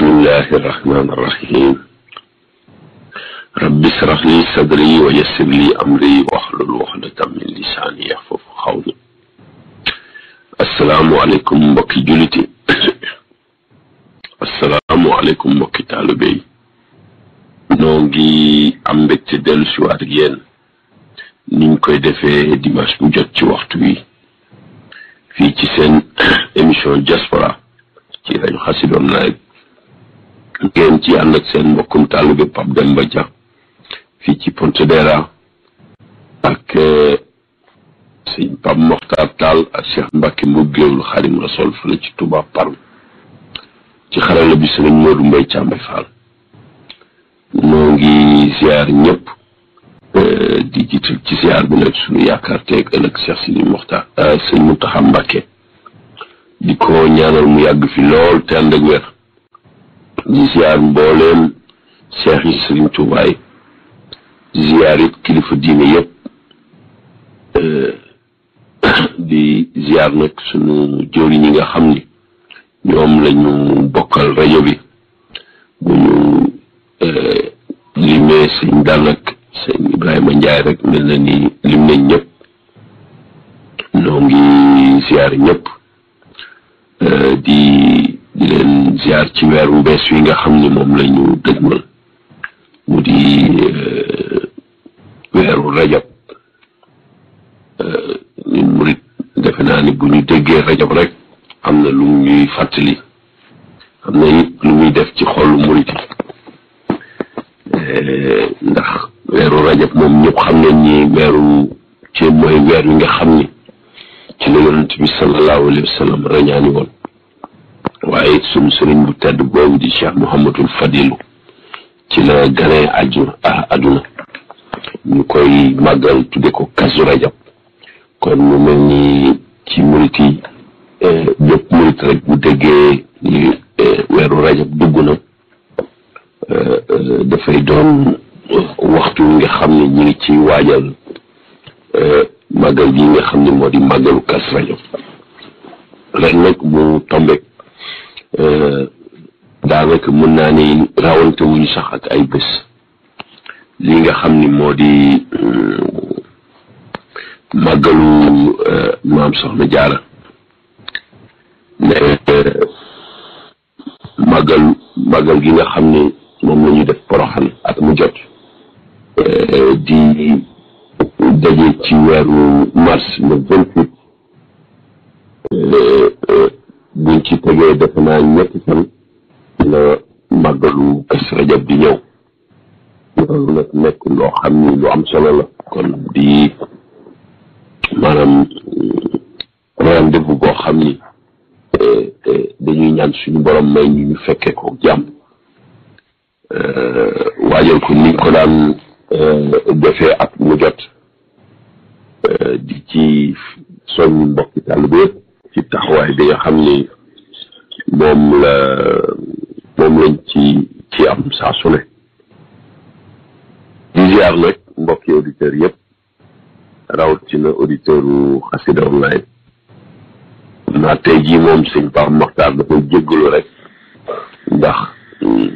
بسم الله الرحمن الرحيم رب اشرح لي صدري ويسر لي امري واحلل عقدة من لساني يحفظ قولي السلام عليكم بك جلتي السلام عليكم بك طالبي نونغي ام بيت دل سي وات ген نين كوي ديفه ديماش بو جات سي وقت وي في سي سن ايميشن جاسبرا تي رانيو خاسيدون نايك ngeen ci ànd ak seen mbokkum talibé pap dem ba ja fii ci pontedera ak eh, sëñ pap moxtar tal ak cheikh mbàkke mbub géewul xarim rasol fële ci tuba par ci xarala bi sëriñ modou mbay càmbe fall noo ngi ziar ñëpp eh, di jiital ci ziar bu nag suñu yaakaar teeg ëllëg cheikh eh, sëñ moxtar sëñ muntaxa mbàkke di ko ñaanal mu yàgg fi lool te ànd ak wér di ziar mbooleem seex yi sëriñ Tuubaa di ziar it kilifa diine yëpp eh, di ziar nag sunu jëwri ñi nga xam ni ñoom la ñu bokkal rajo bi bu ñu eh, limee sëñ dal ak sëñ Ibrahima Ndiaye rek mel na ni lim nañ ñëpp noo ngi ziar eh, di di leen ziar ci weer wu bees wi nga xam ne moom la ñu dëgmal mu di euh, weeru rajab ñun euh, murit defe naa bu ñu déggee rajab rek am na lu ñuy fàttali am na it lu muy def ci xolu murit yi euh, ndax weeru rajab moom ñëpp xam nañ ni weeru ci mooy weer wi nga xam ni ci la yonent bi sallallahu alayhi wa woon waaye it sunu sëriñ bu tedd boobu di Cheikh Mouhamadul Fadilu ci la ganee aju ah ñu koy màggal tudde ko Kazu Rajab kon mu mel ni ci murit yi eh, murit rek bu déggee ni eh, weeru rajab dugg na eh, dafay doon waxtu nga xam ne ñu ngi ci waajal màggal gi nga xam ne moo di màggalu Kazu Rajab ren nag mu tombe Euh, daanaka mën naa ne rawante wuñu sax ak ay bés li nga xam ni moo di euh, màggalu euh, maam soxna jaara ne màggal màggal gi nga xam ni moom la ñu def poroxan ak mu jot di daje ci weeru mars le vingt buñ ci tegee def naa ñetti fan dina màggalu Kazu Rajab di ñëw nekk loo xam ni lu am solo la kon di maanaam euh, rendez-vous boo xam ni euh, euh, dañuy ñaan suñu borom may ñu ñu fekkee ko jàmm waajal ko ni ko daan defee at mu di ci soññu mbokki tàll bi yëpp ci taxawaay bi nga xam ni moom la moom lañ ci ci am saa su ne di ziar nag mbokki auditeurs yëpp rawatina auditeur u Xassida Online naa tey jii moom sëñ Pape Mokhtar da koy jéggalu rek ndax mm,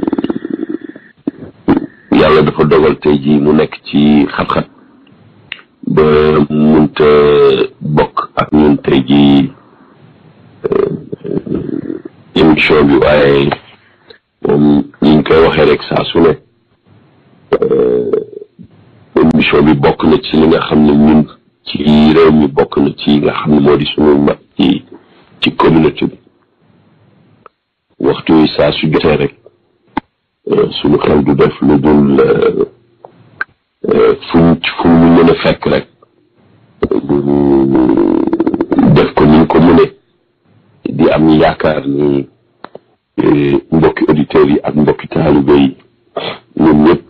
yàlla dafa dogal tey jii mu nekk ci xat-xat ba munta bokk ak ñun tey MWI kowaxe rek saa su ne émission bi bokk na ci li nga xam ne ñun ci réew mi bokk na ci nga xam ne moo di sunu mag ci ci communauté bi waxtu yi saa su jotee rek sunu xel du def lu dul fuñ fu mu mën a fekk rek def ko ni ko mënee di am yaakaar ni eh, mbokki auditeurs yi ak mbokki taalibe yi ñoom ñëpp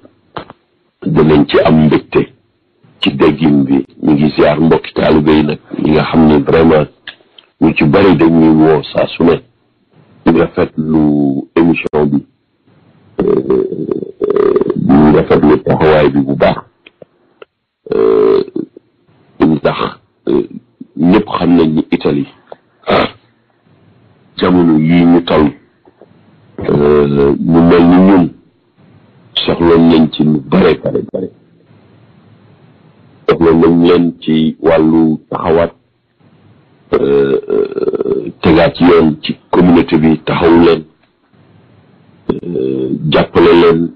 danañ ci am mbégte ci déggin bi ñu ngi ziar mbokki taalibe yi nag ñi nga xam ne vraiment ñu ci bari dañuy woo saa su ne ñu rafetlu émission bi ñu eh, rafetlu taxawaay bi bu baax eh, ndax ñëpp xam nañ ni Italie jamono yii ñu toll ñu euh, mel ni ñun soxla nañ ci lu bare bare bare soxla nañ leen ci wàllu taxawaat euh, tegaat yoon ci communauté bi taxaw leen euh, jàppale leen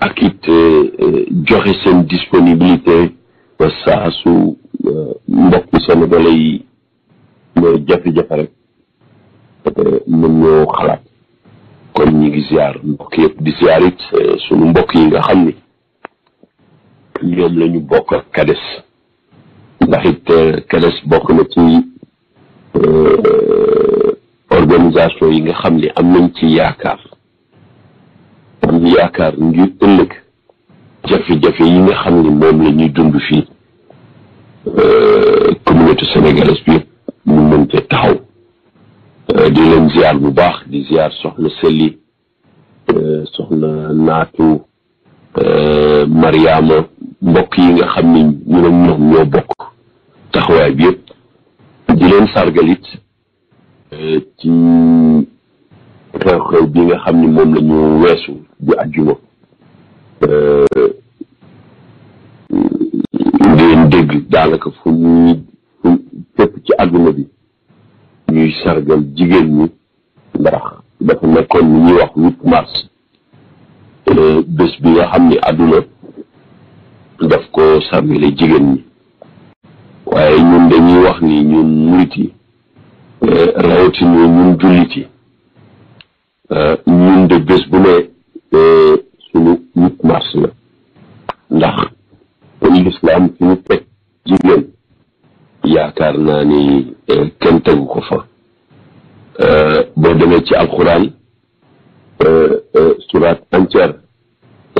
ak it joxe seen disponibilité ba saa su mbokk sénégalais yi jafe-jafe rek mën ñoo xalaat kon ñi ngi ziar mbokk yëpp di ziar it sunu mbokk yi nga xam ni ñoom la ñu bokk ak kades ndax it kades bokk na ci organisation yi nga xam ni am nañ ci yaakaar am yaakaar ngir ëllëg jafe-jafe yi nga xam ni moom la ñuy dund fii communauté sénégalaise bi yëpp mu mën cee taxaw Euh, di leen ziar bu baax di ziar soxna Sëli euh, soxna Naatu euh, Mariama mbokk yi nga xam ni ñu ne ñoom ñoo bokk taxawaay bi yëpp di leen sargalit ci xew-xew bi nga xam ni moom la ñu weesu di àjjuma ngeen dégg daanaka fu ñuy fépp ci àdduna bi ñuy sargal jigéen ñi ndax dafa nekkoon ñuy wax huit mars bés bi nga xam ni àdduna daf ko sargale jigéen ñi waaye ñun dañuy wax ni ñun murit yi ñun jullit ñun de bés bu ne suñu huit mars la ndax lislaam suñu teg yaakaar naa ni eh, kenn tegu ko fa eh, boo demee ci alxuraan eh, surat entière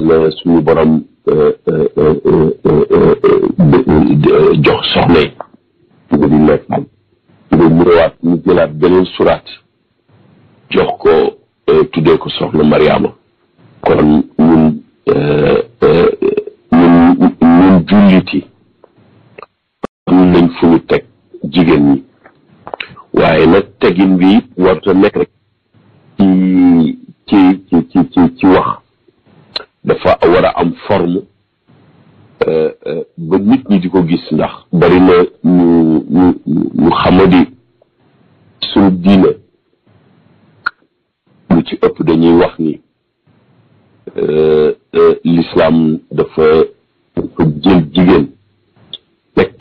la suñu borom jox soxna yi nga di nekk nga ñëwaat ñu jëlaat beneen surat jox ko tuddee ko soxna Mariama kon ñun ñun julliti am nañ fu ñu teg jigéen ñi waaye nag tegin bi warta nekk rek ci ci ci ci ci wax dafa war a am forme ba nit ñi di ko gis ndax bari na ñu ñu ñu xamadi suñu diine lu ci ëpp dañuy wax ni lislaam dafa dafa jël jigéen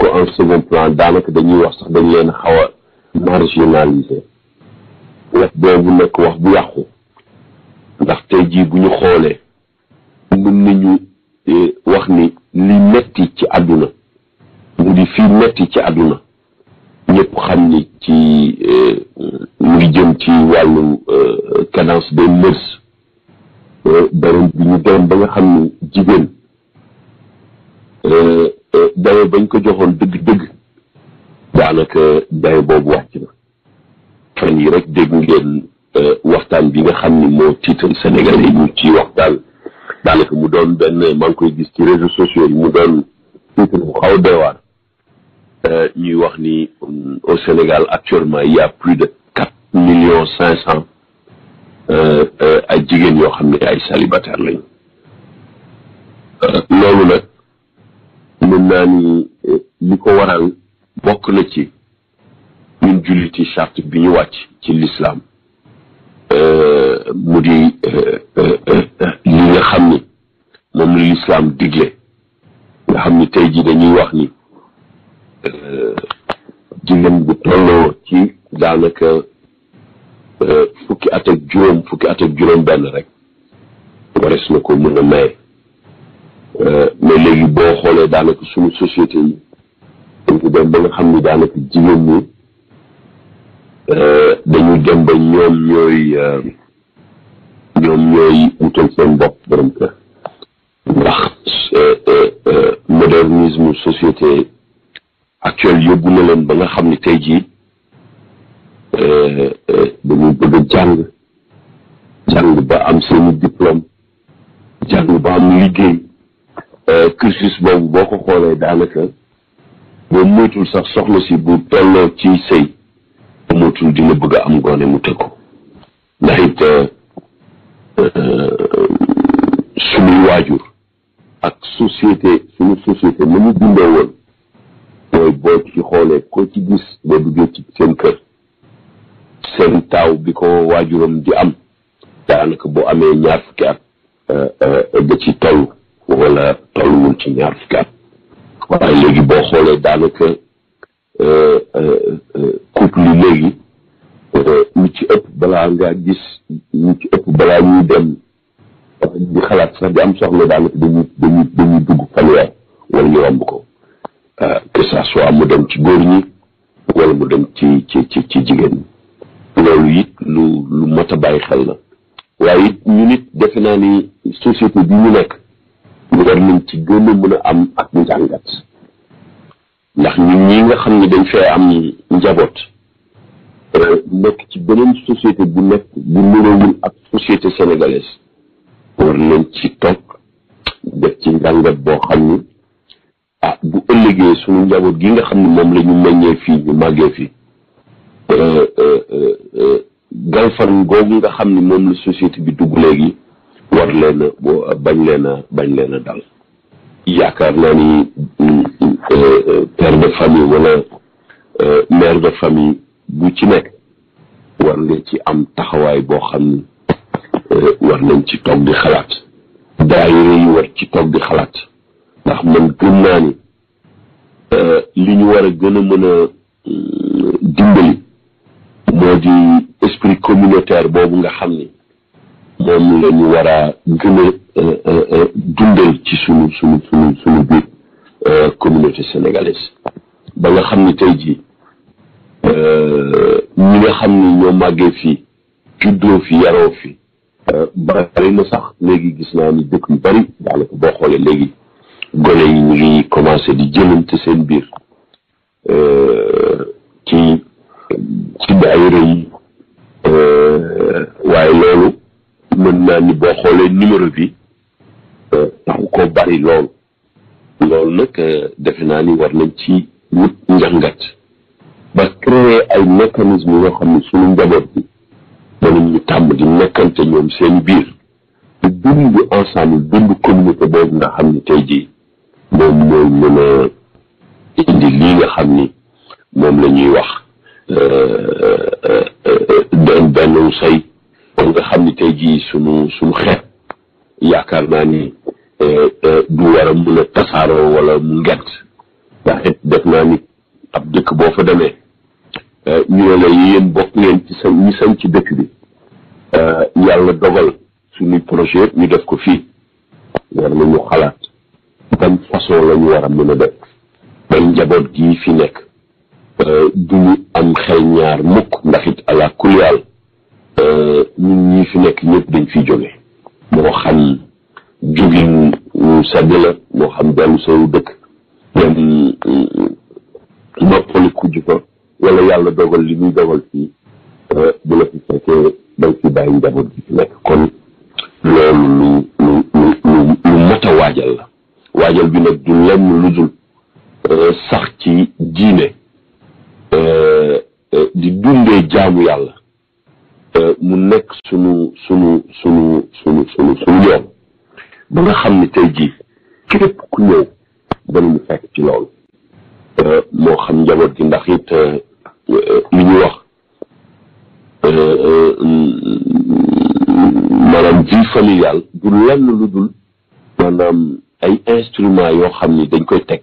ko en second plan daanaka dañuy wax sax dañ leen xaw a marginaliser wax boobu nekk wax bu yàqu ndax te jii bu ñu xoolee mën nañu eh, wax ni li metti ci àdduna mu di fii metti ci àdduna ñëpp xam ni ci eh, mu ngi eh, cadence des mœurs beneen bi ñu dem ba nga xam ni jigéen dayo bañ ko joxoon dëgg-dëgg daanaka dayo boobu wàcc na fan yi rek dégg ngeen euh, waxtaan bi nga xam ni moo tiital Sénégal yi ñu ci waxtaan daanaka mu doon benn maa ngi koy gis ci réseaux sociaux yi mu doon titre bu xaw doy waar euh, ñuy wax ni euh, au Sénégal actuellement il y a plus de quatre millions cinq cent ay jigéen yoo xam ne ay célibataire lañu loolu nag mën naa ni eh, li ko waral bokk na ci ñun julliti charte bi ñu wàcc ci lislaam eh, mu di eh, li nga xam ni moom la lislaam digle nga xam ni tey ji dañuy wax ni jigéen bu tolloo ci daanaka fukki at ak juróom fukki at ak juróom benn rek wares na ko mën a maye Euh, mais boo xoolee daanaka suñu société yi dañ ba nga xam ni daanaka jigéen ñi euh, dañu dem ba euh, ñoom ñooy wutal seen bopp borom kër ndax modernisme actuelle yóbbu na leen ba nga xam ni tey jii dañu bëgg a jàng jàng ba am seeni diplôme jàng ba am liggéey Euh, cursus boobu boo ko xoolee daanaka boo moytul sax soxna si bu tolloo ci sëy boo moytul dina bëgg am gone mu tëkku ndax it euh, euh, waajur ak société suñu société ni ñu bindoo woon mooy boo ci xoolee ko ci gis boo duggee ci seen kër seen taaw bi ko waajuram di am daanaka boo amee ñaar fukki at da ci toll wala tolluwul ci ñaar fukki at waaye léegi boo xoolee daanaka euh, euh, couple yi léegi ñu euh, ci ëpp balaa ngaa gis ñu ci ëpp balaa ñuy dem di xalaat sax di am soxla daanaka dañuy dañuy dañuy dugg fanweer wala ñu romb ko que ça soit mu dem ci góor ñi wala mu dem ci ci ci ci jigéen loolu it lu lu mot bàyyi xel la waaye it ñu nit defe naa ni société bi ñu nekk ñu nañ ci gën mën a am ak njàngat ndax ñun ñi nga xam ne dañ fee am njaboot euh, nekk ci beneen société bu nekk bu niroowul ak société sénégalaise war nañ ci toog def ci njàngat boo xam ni ah bu ëllëgee sunu njaboot gi nga xam ne moom la ñu meññee fii ñu màggee fii euh, euh, galfan googu nga xam ne moom la société bi dugg léegi war leen a boo bañ leen a bañ leen dal yaakaar naa ni mm, mm, euh, père de famille wala euh, mère de famille bu ci nekk war ci am taxawaay boo xam ni euh, war ci toog di xalaat daayira yi war ci toog di xalaat ndax man gëm naa ni li ñu war a gën a mën a mm, dimbali moo di esprit communautaire boobu nga xam ni moom la ñu gën a euh, euh, euh, dundal ci sunu sunu sunu sunu communauté sénégalaise ba nga xam ni tey jii ñi nga xam ni ñoo màggee fii juddoo fi yaroo fi bari na sax léegi gis naa ni dëkk yu bari daanaka boo xoolee léegi gone yi ñu ngi commencé di jëlante seen biir ci ci yi waaye loolu mën naa ni boo xoolee numéro bi euh, taxu ko bari lool loolu nag euh, defe naa ni war nañ ci wut njàngat ba créer ay mécanisme yoo xam ne suñu njaboot bi mënuñ ñu tàmm di nekkante ñoom seen biir di dund ensemble dund communauté boobu nga xam ne tey jii moom mooy mën a indi lii nga xam ni moom la ñuy wax doon euh, benn kon nga xam ni tey jii sunu sunu xeet yaakaar naa ni eh, eh, du war a mun a tasaaroo wala mu ngent ndax it naa ni ab dëkk boo fa demee eh, ñu ne la yéen bokk ngeen ñi def ko fii war nañu xalaat ban façon la ñu war a mën a def ban njaboot gii fi nekk du ñu am xel ñaar mukk ndax it ala kulyaal Euh, ñun ñi fi nekk ñëpp dañ fiy jóge moo xam jógin wu sedd la moo xam dellu soowu dëkk euh, noppali kujj ko wala yàlla dogal li muy dogal fii euh, bu la fi fekkee dañ fi njaboot bi fi nekk kon loolu lu lu lu lu lu mat waajal la waajal bi nag du lenn lu dul sax ci diine di dundee jaamu yàlla Euh, mu nekk sunu sunu sunu sunu sunu sunu yoon ba nga xam ni tey jii képp ku ci loolu euh, moo xam njaboot gi ndax it euh, li ñuy wax maanaam vie familiale du lenn lu dul maanaam ay instruments yoo xam ni dañ koy teg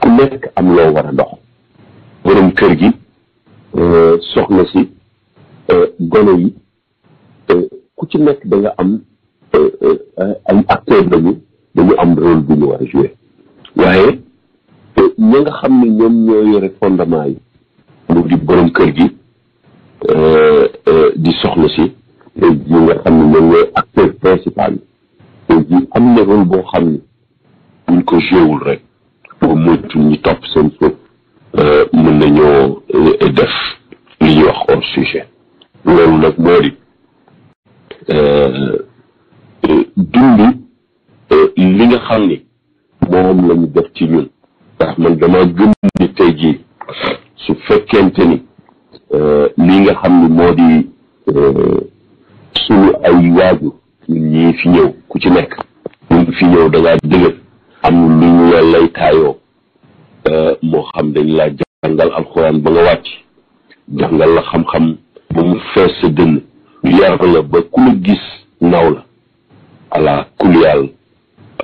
ku nekk am loo war a ndox borom kër gi soxna si Euh, gone yi euh, ku ci nekk da nga am euh, ay acteurs lañu dañu am rôle bu ñu war a joué waaye ñi nga xam ne ñoom ñoo yore fondement yi mu di borom kër gi di soxna si tey nga xam ne ñoom ñooy acteur principal yi tey jii am na rôle boo xam ne buñ ko jouéwul rek pour moytu ñu topp seen foofu mën nañoo def li ñuy wax hors sujet loolu nag moo di euh, euh, dindi euh, li nga xam ni moom la ñu def ci ñun ndax man dama gëm ni tey jii su fekkente ni li nga xam ni moo di suñu ay waajur ñii fi ñëw ku ci nekk ñun fi ñëw da dëgër am lu la lay moo xam dañ laa jàngal alxuraan ba nga wàcc jàngal la xam-xam ba mu fees sa dënn yar la ba ku la gis naw la ala kuliyal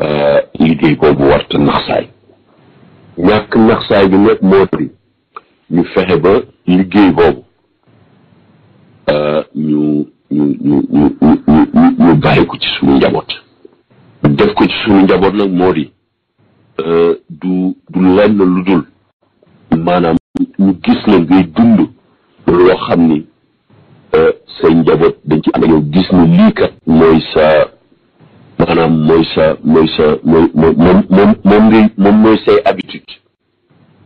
euh, liggéey boobu warta naxsaay ñàkk naxsaay bi nekk moo di ñu fexe ba liggéey boobu euh, ñu ñu ñu ñu ñu ñu bàyyi ko ci suñu njaboot def ko ci suñu njaboot nag moo di euh, du du lenn lu dul maanaam ñu gis na ngay dund loo xam ni Euh, say njaboot dañ ci ànd ak yow gis ni lii kat mooy sa maanaam mooy sa mooy sa mooy moom moom moom ngay moom mooy say habitude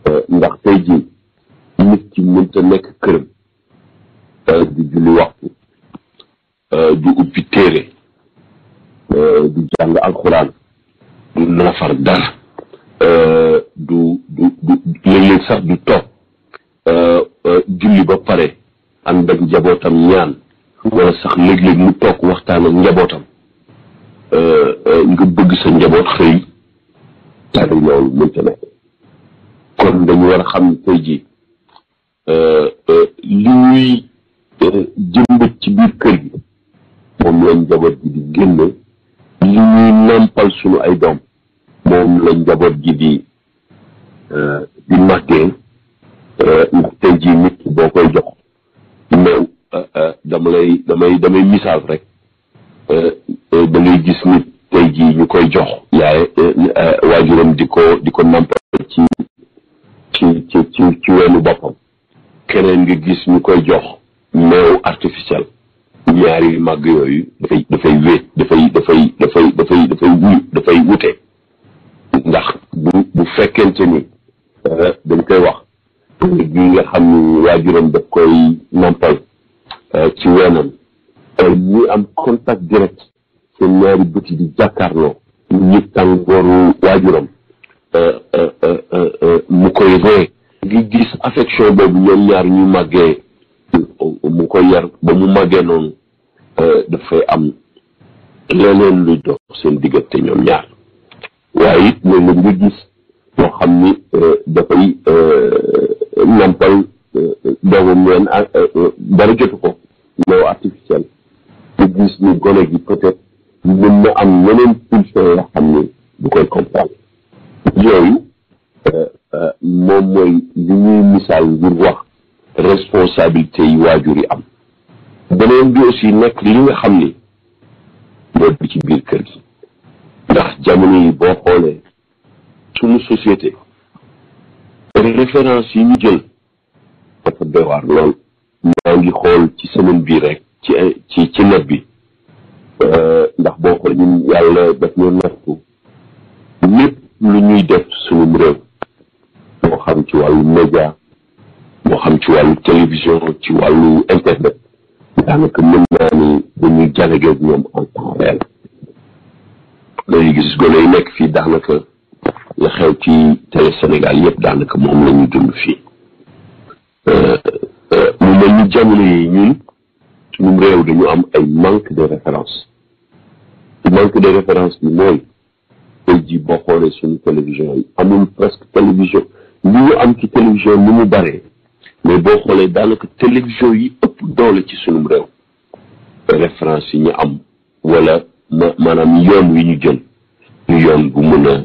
euh, ndax tey jii nit ci mënta nekk këram euh, di julli waxtu du ubbi téere du jàng alxuraan du nafar dara du du du léeg-léeg sax du toog julli ba pare ànd ak njabootam ñaan wala sax léeg-léeg mu toog waxtaan ak njabootam euh, euh, nga bëgg sa njaboot xëy a xam tey ji euh, li ñuy jëmbat ci biir kër gi moom la njaboot gi di génne li ñuy nampal suñu ay doom moom la njaboot gi di di màggee ndax tey ji nit boo koy jox moom eh, eh, dama lay damay damay misaal rek eh, da gis nit tey jii ñu koy jox yaay waajuram di ko di ko nampal ci ci ci ci boppam keneen nga gis ñu koy jox meew artificiel ñaari màgg yooyu dafay dafay wéet dafay dafay dafay dafay dafay dafay wute ndax bu bu fekkente ni dañ koy wax bi nga xam ni waajuram daf koy nampal euh, ci weenam euh, ñu am contact direct seen ñaari bëti di jàkkaarloo ñu tàngooru waajuram euh, mu koy ree ngi gis affection boobu ñoom ñaar ñu màggee mu koy yar ba mu màggee noonu dafay am leneen luy dox seen diggate ñoom ñaar waaye it loolu nga gis loo xam ni dafay nampal doomu neen ak dara jotu ko loolu artificiel te gis ni gone gi peut-être mën na am yeneen pulsion yoo xam ne du koy comprendre yooyu moom mooy li ñuy misaal ngir wax responsabilité yi waajur yi am beneen bi aussi nekk li nga xam ni moo bi ci biir kër gi ndax jamono yi boo xoolee suñu société référence yi ñu jël dafa doy waar lool maa ngi xool ci semaine bii rek ci ci ci net bi ndax boo xool ñun yàlla daf ñoo nattu lépp lu ñuy def suñu réew moo xam ci wàllu média moo xam ci wàllu télévision ci wàllu internet daanaka mën naa ni dañuy jalegeeg ñoom en temps réel dañuy gis gone yi nekk fii daanaka la xew ci télé Sénégal yëpp daanaka moom la ñu dund fii euh, euh, mu mel ni jamono yi ñun suñu réew dañu am ay manque de référence ci manque de référence bi mooy tey ji boo xoolee suñu télévision yi amul presque télévision li ñu am ci télévision ni mu bëree mais boo xoolee daanaka télévision yi ëpp doole ci suñu réew référence yi ñu am wala maanaam yoon wi ñu jël ñu yoon bu mën a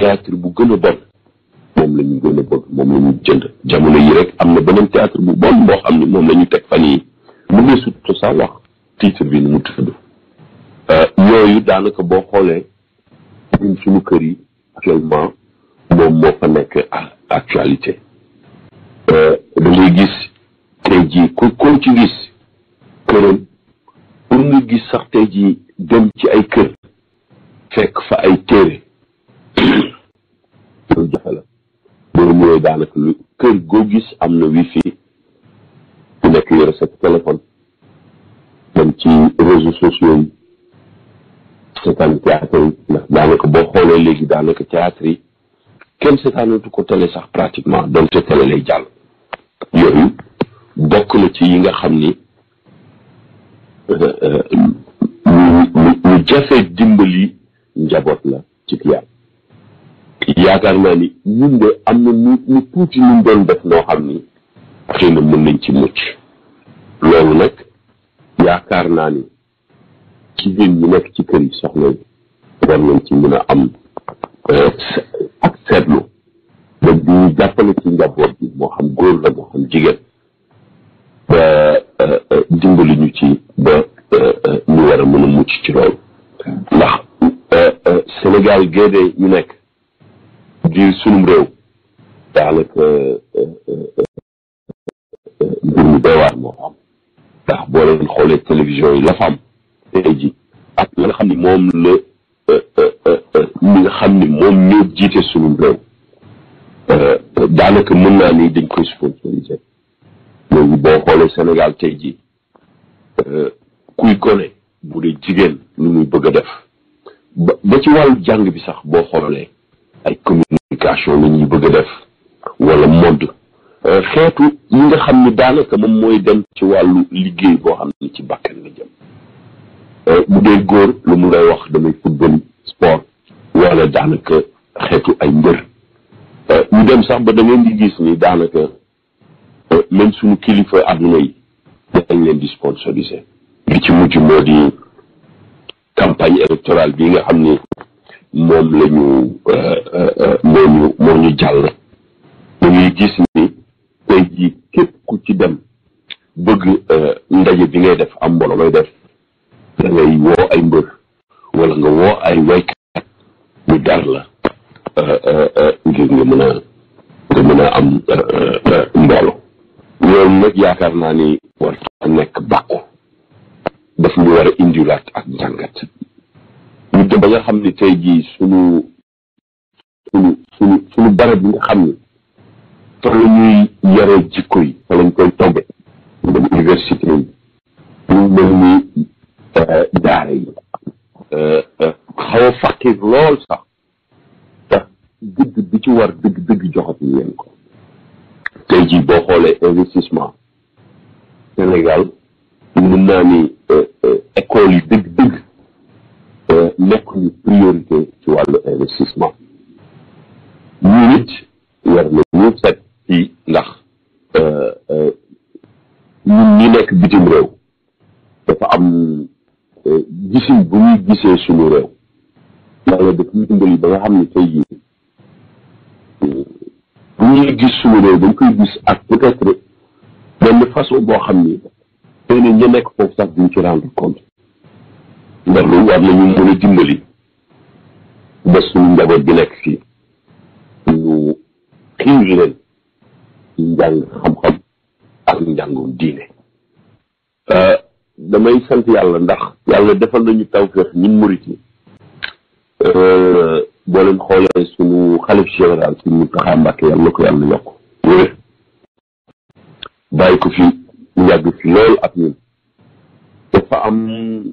théâtre bu gën a bon moom la gën a bëgg moom la jënd jamono yi rek am na beneen théâtre bu bon boo xam ne moom lañu teg fan yii mu ngi surtout wax titre bi nu mu tudd euh, yooyu daanaka boo xoolee ñun suñu kër yi actuellement moom moo fa nekk actualité euh, da gis tey jii ci gis këram pour nga gis sax tey jii dem ci ay kër fekk fa ay téere lu jafe la boo ñëwee lu kër goo gis am na wifi ku nekk yore sa téléphone dem ci réseaux sociaux yi seetaan théâtre yi ndax daanaka boo xoolee léegi daanaka théâtre yi kenn seetaanatu ko télé sax pratiquement donte télé lay jàll yooyu bokk na ci yi nga xam ni ñu euh, euh, ñu jafe dimbali njaboot la ci yàlla yaakaar naa ni ñun am na nu nu tuuti nuñ def noo xam ni xëy na mën nañ ci mucc loolu nag yaakaar naa ni jigéen ñi nekk ci kër yi soxna yi ci mën a am euh, ak seetlu ba di jàppale ci njaboot bi moo xam góor la moo xam jigéen ba euh, euh, dimbali ci ba ñu war a mën a mucc ci loolu ndax Sénégal géede ñu nekk di sunum réew daanaka mbir eh, eh, eh, moo am ndax boo leen xoolee télévision yi la fa am ji ak nga xam ni moom la nga xam ni moom ñoo jiite sunum réew daanaka mën naa ni dañ koy sponsorisé léegi boo xoolee Sénégal tey ji kuy kone bu dee jigéen lu muy bëgg a def ba ba ci wàllu jàng bi sax boo xoolee ay communication la ñuy bëgg a def wala mode xeetu yi nga xam ni daanaka moom mooy dem ci wàllu liggéey boo xam ni ci bakkan la jëm bu dee góor lu mu lay wax damay football sport wala daanaka xeetu ay mbër ñu dem sax ba da ngeen di gis ni daanaka même suñu kilifa àdduna yi dañ leen di sponsoriser li ci mujj moo di campagne électorale bi nga xam ni moom la euh, euh, euh, moo ñu moo ñu jàll mu ngi gis ni tey ji képp ku ci dem bëgg ndaje bi ngay def am mbooloo ngay def da ngay woo ay mbër wala nga woo ay waykat ñu dar la nga mën nga mën am mbooloo loolu nag yaakaar naa ni war a nekk bàkku daf ñu war a indilaat ak jàngat te ba nga xam ni tey jii sunu sunu sunu sunu barab bi nga xam ni fa la ñuy yaree jikko yi fa lañ koy togge mu dem université yi ñu mel ni daara yi xaw a faqir lool sax tax dëgg bi ci war dëgg dëgg joxati leen ko tey jii boo xoolee investissement Sénégal mën naa ni école yi dëgg dëgg nekkuñu priorité ci wàllu investissement ñu nit war nañu seet ci ndax ñun euh, euh, ñi nekk bitim réew dafa am euh, gisin bu ñuy gisee suñu réew yàlla daf ñuy ba nga xam ne tey jii bu ñuy gis suñu réew dañ koy ak peut-être benn façon boo xam ni xëy na ñu nekk foofu sax rendre compte ndax loolu war nañu mën a dimbali ba suñu njaboot bi nekk fii ñu xiir leen njàng xam-xam ak njàngum diine euh, damay sant yàlla ndax yàlla defal nañu tawfeex ñun murit yi euh, boo leen xoolee suñu xalif général suñu Muntaxa Mbàkke yàlla ko yàlla yokk bàyyi ko fi yàgg fi lool ak ñun dafa am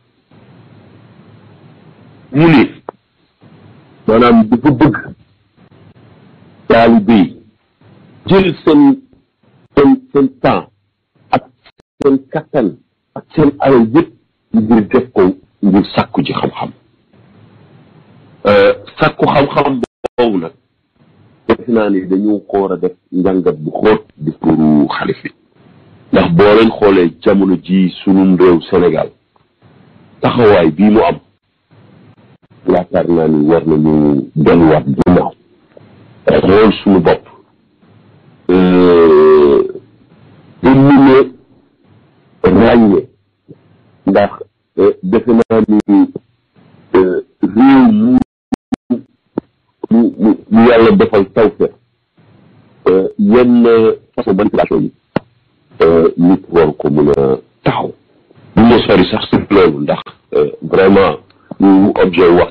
mu ni maanaam dafa bëgg taalibe yi jël seen seen seen temps ak seen kattan ak seen alal yëpp ngir def ko ngir sàkku ji xam-xam euh, sàkku xam-xam boobu nag def naa ni dañu ko a def njàngat bu xóot di pour xalif bi ndax boo leen xoolee jamono ji sunum réew Sénégal taxawaay bii mu am yaakaar naa ni war nañu delluwaat ginnaaw xool suñu bopp euh, éliminer ràññe ndax euh, defe naa ni euh, réew mu yàlla defal tawfeex yenn façon manipulation yi nit war ko mën a taxaw. bu ma sori sax si loolu ndax vraiment ñu objet wax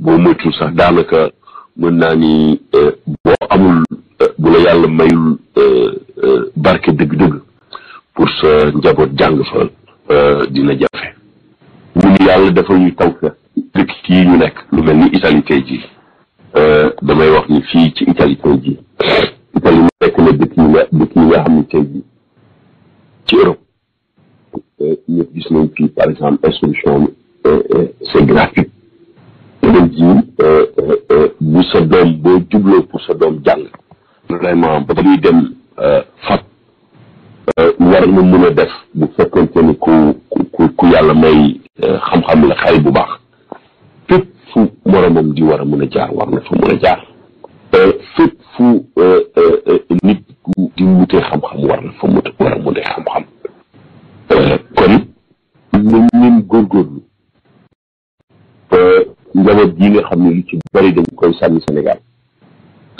boo moytul sax daanaka mën naa ni boo amul bu la yàlla mayul barke dëgg-dëgg pour sa njaboot jàng fa dina jafe ñun yàlla dafa ñu taw ka dëkk yi ñu nekk lu mel ni Italie tey ji damay wax ni fii ci Italie tey ji Italie nekk na dëkk yi nga dëkk yi nga xam ne tey ji ci Europe ñëpp gis nañ fii par exemple instruction c'est gratuit tey jii euh, euh, euh, bu sa doom boo jubloo pour sa doom jàng vraiment ba muy dem fat war na mën a def bu fekkente ni ku yàlla may xam la bu baax fépp fu moromam di war a mën a mutee xam-xam war na fa mut war a mutee xam-xam kon nañ leen góorgóorlu njaboot yi nga xam ne lu ci bëri dañ koy sànni Sénégal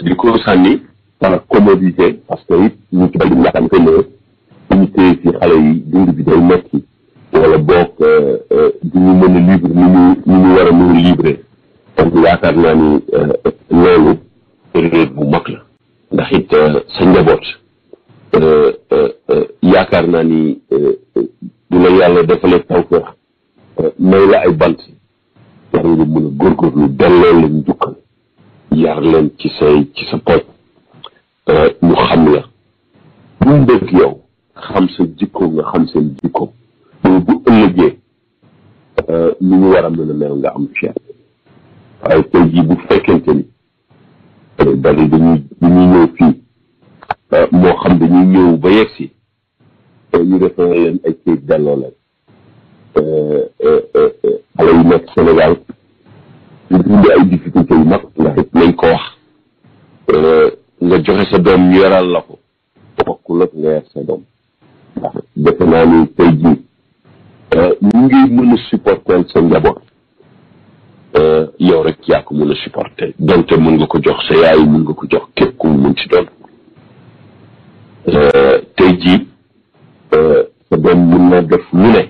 di ko sànni par commodité parce que it ñu ci bëri ni xale yi dund bi day metti wala boog euh, euh, du ñu a libre ni ñu ni war a mën libre donc yaakaar naa ni euh, loolu période bu mag la ndax sa njaboot yaakaar naa ni du la yàlla defalee tawfeex may la ay bant war nga mën a góorgóorlu delloo leen njukkal yar leen ci say ci sa pooj ñu xam la bu mbëgg yow xam sa jikko nga xam seen jikko mais bu ëllëgee ñu ñu war a mën a mel nga am fier waaye tey jii bu fekkente ni bari dañuy dañuy ñëw fii moo xam dañuy ñëw ba yegg si ñu defal leen ay këyit delloo leen Eh, eh, eh, xale yu nekk Sénégal ñu indi ay difficulté yu mag ndax it nañ ko wax nga joxe sa doom ñu yoral la ko bokkul ak nga yar sa doom ndax defe tey jii ñu ngi mën a sa njaboot yow rek yaa ko mën a supporter donte mën nga ko jox sa yaay mën nga ko jox képp ku mu mën doon tey jii sa doom mën na def lu ne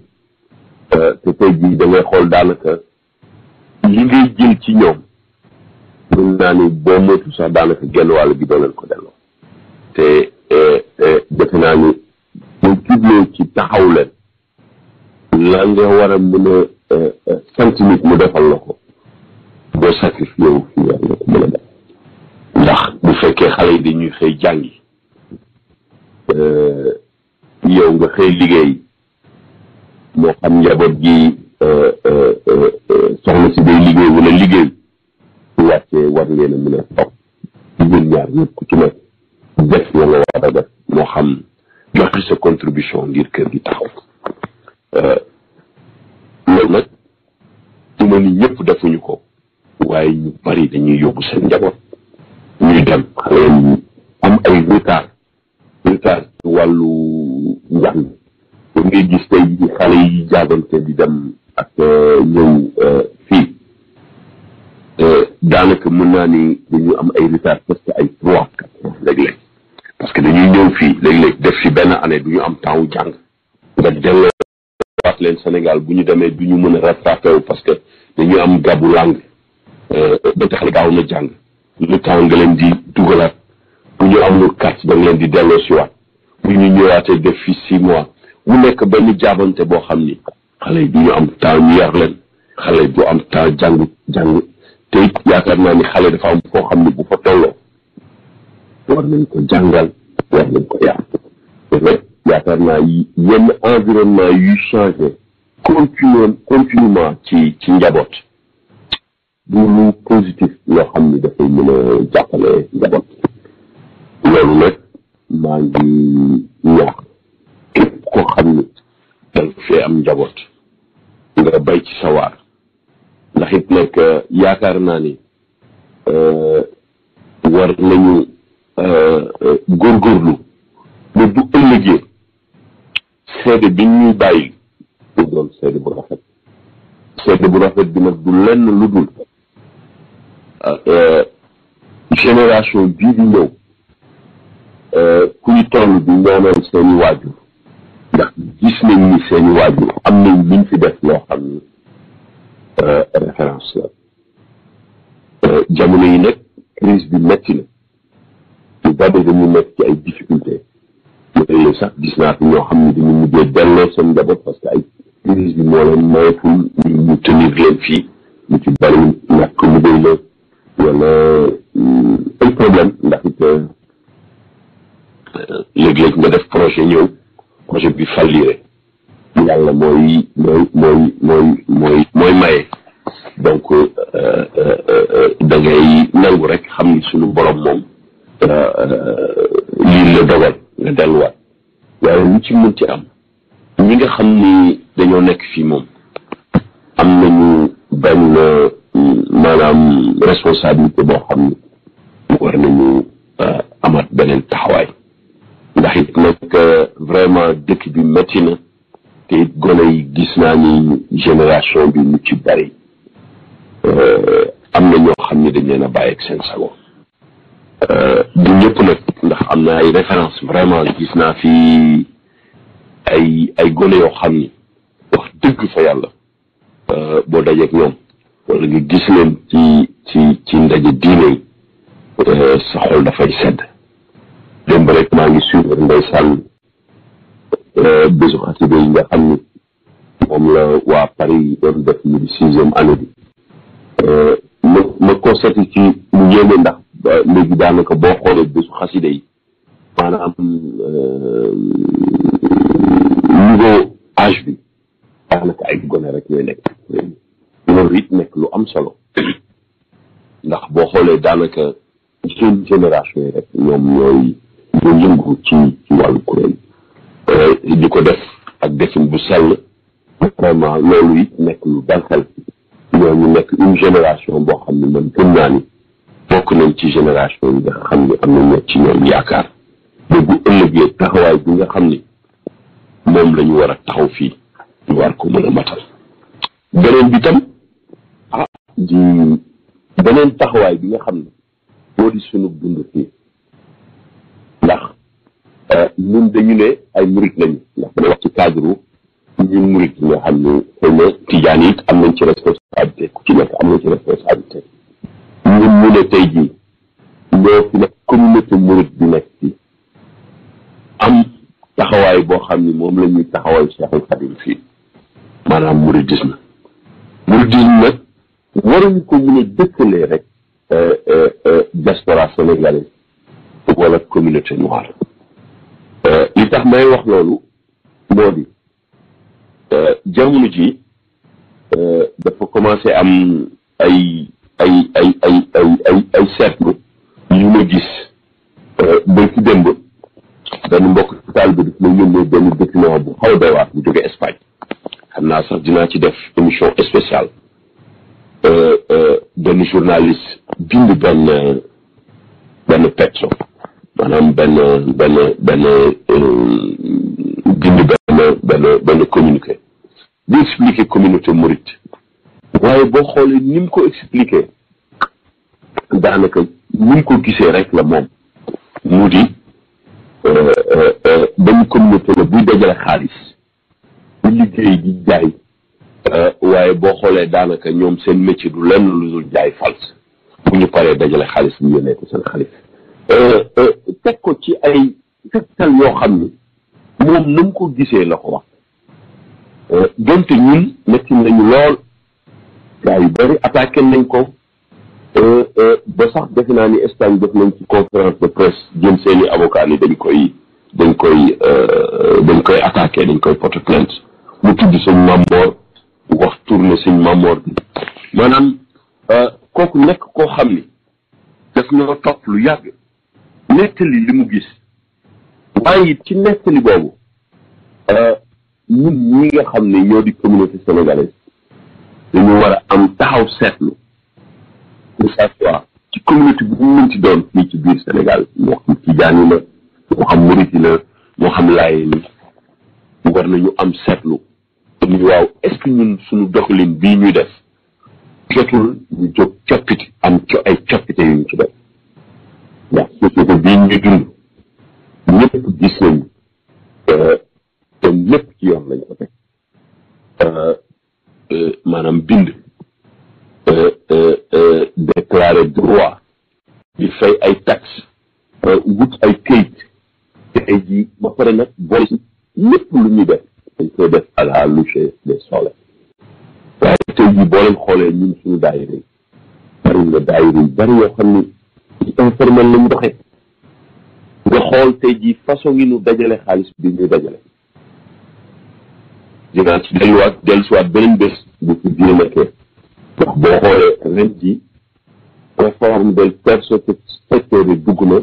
te tey jii da xool daanaka li ngay jël ci ñoom mën naa ni boo moytu sax daanaka genn wàll gi doo leen ko delloo te defe naa ni boo jubloo ci taxaw leen la nga war a mën a sant nit mu defal la ko boo sacrifié wu fi war nga mën a def ndax bu fekkee xale yi dañuy xëy jàngi euh, yow nga xëy liggéey moo xam njaboot gi euh, euh, euh, soxna si day liggéey wala liggéey su wàccee war ngeen a mën a ci jël ñaar ñëpp la war a def moo xam joxe sa contribution ngir kër gi taxaw loolu nag su ma ni ñëpp defuñu ko waaye ñu bari dañuy yóbbu seen njaboot ñuy dem xale am ay retard retard ci wàllu njàng ngay gis tey ji xale yi jaabante di dem ak euh, ñëw euh, fii euh, daanaka mën naa ni dañu am ay retard parce que ay trois quatre ans léeg parce que dañuy ñëw fii léeg-léeg def fi benn année du am temps wu jàng nga delloowaat leen Sénégal bu ñu demee du ñu mën a rattrapé parce que dañu am gabu langue ba tax gaaw na jàng le temps nga leen di dugalaat bu ñu amul carte da nga leen di delloo si waat bu ñu ñëwaatee def fi six mois mu nekk benn jaabante boo xam ni xale du ñu am temps ñu yar leen xale du am temps jàng jàng te yaakaar naa ni xale dafa am foo xam ni bu fa tolloo war nañ ko jàngal ko yar te yaakaar naa yenn environnement yuy changé continuement ci ci njaboot du lu positif loo xam ni dafay mën jàppale njaboot loolu nag maa ngi ñaax koo xam ni da fee am njaboot nga bay ci sa waar ndax yaakaar naa ni euh, war nañu euh, góorgóorlu ba bu ëllëgee seede bi ñuy bàyyi du doon seede bu rafet seede bu rafet bi nag du lenn lu dul euh, génération bii di ñëw kuy toll di ñaanal seeni waajur ndax gis nañ ni seen waajur am nañ luñ fi def loo xam ni euh, référence la euh, jamono yi nag crise bi metti na ñu bari dañu nekk ci ay difficulté léeg-léeg sax gis naa fi ñoo xam ne dañu mujjee delloo seen njaboot parce que ay crise bi moo leen mayetul ñu tenir leen fii ñu ci bari ñàkk liggéey la wala euh, ay problème ndax it léeg-léeg nga def projet ñëw projet bi fallire yàlla mooy mooy mooy mooy mooy mooy maye donc da ngay nangu rek xam suñu borom moom lii la dogal nga delluwaat waaye lu ci mun ci am ñi nga xam ni dañoo nekk fii am nañu benn maanaam responsabilité boo xam ni war nañu amaat beneen taxawaay ndax it nag euh, vraiment dëkk bi métti na te it gone yi gis naa ni génération bi ñu ci bari euh, am na ñoo xam ni dañ leen a bàyyi ak seen sago euh, du ñëpp nag ndax am na ay référence vraiment gis naa fi ay ay gone yoo xam ni wax dëgg fa yàlla boo dajeek ñoom wala nga gis leen ci ci ci ndaje diine yi sa xol dafay sedd démb rek maa ngi suivre ndeysaan euh, bésu xasida yi nga euh, ma ma ci lu yéeme ndax euh, léegi daanaka boo xoolee bésu xasida yi maanaam niveau âge daanaka ay gone rek ñooy nekk loolu nekk lu am solo ndax boo xoolee daanaka jeune génération yi rek ñoom ñooy moo yëngu ci ci wàllu kuréel euh, ko def ak defin bu sell vraiment loolu it nekk lu dal xel ñooñu nekk une génération boo xam ne man gëm naa ni bokk nañ ci génération yi nga xam ne am nañ ci ñoom yaakaar ba bu ëllëgee taxawaay bi nga xam ni moom lañu ñu war a taxaw fii ñu war ko mën a matal beneen bi tam ah beneen taxawaay bi nga xam ne moo di sunu dund fii ndax euh, ñun dañu ne ay murit lañu ndax dana wax ci cadre ñun murit nga xam ne xëy na am nañ ci responsabilité ku ci nekk am nañ ci responsabilité ñun mu ne tey jii ñoo fi nekk communauté murit bi nekk ci am taxawaay boo xam ni moom la ñuy taxawaay Cheikhul Khadim fii maanaam muridisme muridisme nag waruñu ko mun dëkkalee rek euh, euh, diaspora sénégalaise wala communauté noire euh, li tax may wax loolu moo di euh, jamono ji euh, dafa commencé am ay ay ay ay ay ay ay ma gis ba ci démb benn mbokk taal bi daf may yónnee benn document bu xaw a doy waar jóge Espagne xam naa sax dinaa ci def émission spéciale benn journaliste bind benn benn pétition maanaam benn benn benn bind benn benn benn communiqué di expliqué communauté mouride waaye boo xoolee ni mu ko expliqué daanaka ni mu ko gisee rek la moom mu di benn communauté la buy dajale xaalis bu liggéey di jaay waaye boo xoolee daanaka ñoom seen métier du lenn lu dul jaay fals bu ñu paree dajale xaalis bi yónnee ko seen xaalis Euh, euh, teg ko ci ay tegtal yoo xam ni moom na mu ko gisee la ko wax euh, donte ñun metti nañu lool gaa yu bëri attaqué nañ ko ba sax defe naa ni Espagne def nañ ci conférence de presse jëm seeni avocat ni dañ koy dañ koy dañ koy attaqué dañ koy porte plainte mu tudd sëñ Mamor wax tourné sëñ Mamor bi maanaam kooku nekk koo xam ni daf ñoo topp lu yàgg nettali li mu gis waaye ci nettali boobu euh, ñun ñi nga xam ne ñoo di communauté sénégalaise dañu war a am taxaw seetlu que ça soit ci communauté bu mu mënti doon fii ci biir Sénégal moo xam tijaani la moo xam muriti la xam laayeen la nañu am seetlu dañu waaw est-ce ñun suñu doxalin bii ñuy def jotul ñu jóg coppite am co ay coppite yu ñu ci def bii ñu dund ñëpp gis nañ euh, te lépp ci yoon lañ ko teg ngi nu dajale xaalis bi ñuy dajale dinaa ci delluwaat dellusiwaat beneen bés bu ci diine nekkee ndax boo xoolee ren ji réforme del terzo settore dugg na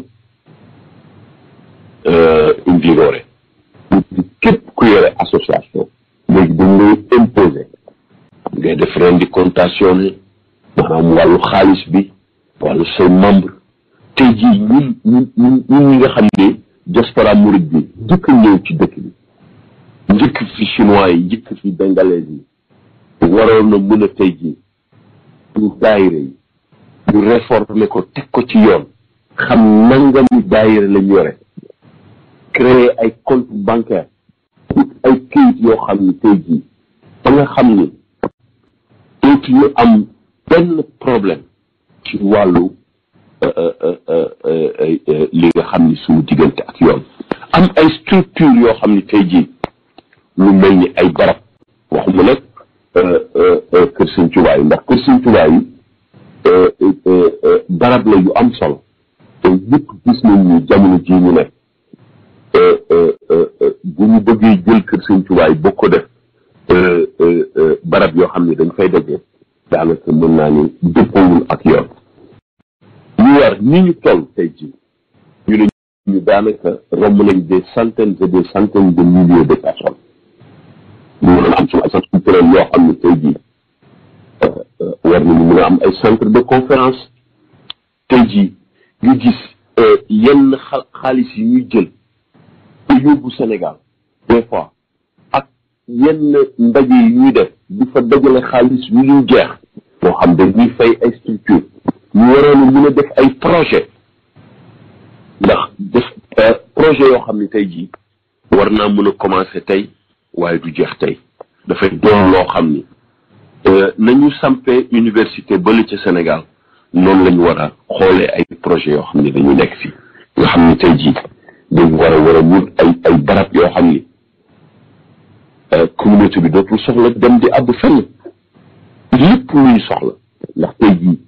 euh, in képp ku association léegi dañ lay imposé ngay def rendicontazione maanaam wàllu xaalis bi wàllu say membre tey jii ñun ñun ñun ñi nga xam ne diaspora mouride bi njëkk ñëw ci dëkk bi njëkk fi chinois yi njëkk fi bengalais yi waroon na mën a tey ji ñu daayira yi ñu réformer ko teg ko ci yoon xam nangamu daayira lañ yore créer ay compte bancaire ut ay këyit yoo xam ni tey jii ba nga xam ni dootuñu am benn problème ci wàllu li nga xam ni suñu diggante ak yoon am ay structure yoo xam ni tey jii lu mel ni ay barab waxuma nag kër sëñ Tuubaa yi ndax kër sëñ Tuubaa yi barab la yu am solo te ñëpp gis nañ ni jamono jii ñu ne bu ñu bëggee jël kër sëñ Tuubaa yi boo ko def barab yoo xam ni dañ fay dajee daanaka mën naa ni dëppoowul ak yoon ñu war ni ñu toll tey jii ñu ne ñu daanaka romb nañ des centaines et de milliers de personnes ñu mën a am suñu agence culturelle yoo xam ne tey jii euh, war nañu mën a am centre de conférence tey jii ñu gis euh, yenn xa xaalis jël pour yóbbu Sénégal des fois ak yenn ndaje yi ñuy def di fa dajale xaalis yu ñuy jeex moo xam fay ay structure ñu waroon a mën a def ay projet ndax def projet yoo xam ne tey jii war naa mën a commencé tey waaye du jeex tey dafay doon loo xam ni nañu sampee université ba ca Sénégal noonu la war a xoolee ay projet yoo xam ne dañu nekk fii nga xam ne tey jii dañu war a war a wut ay ay barab yoo xam ni communauté bi dootul soxla dem di àbb fenn lépp luy soxla ndax tey jii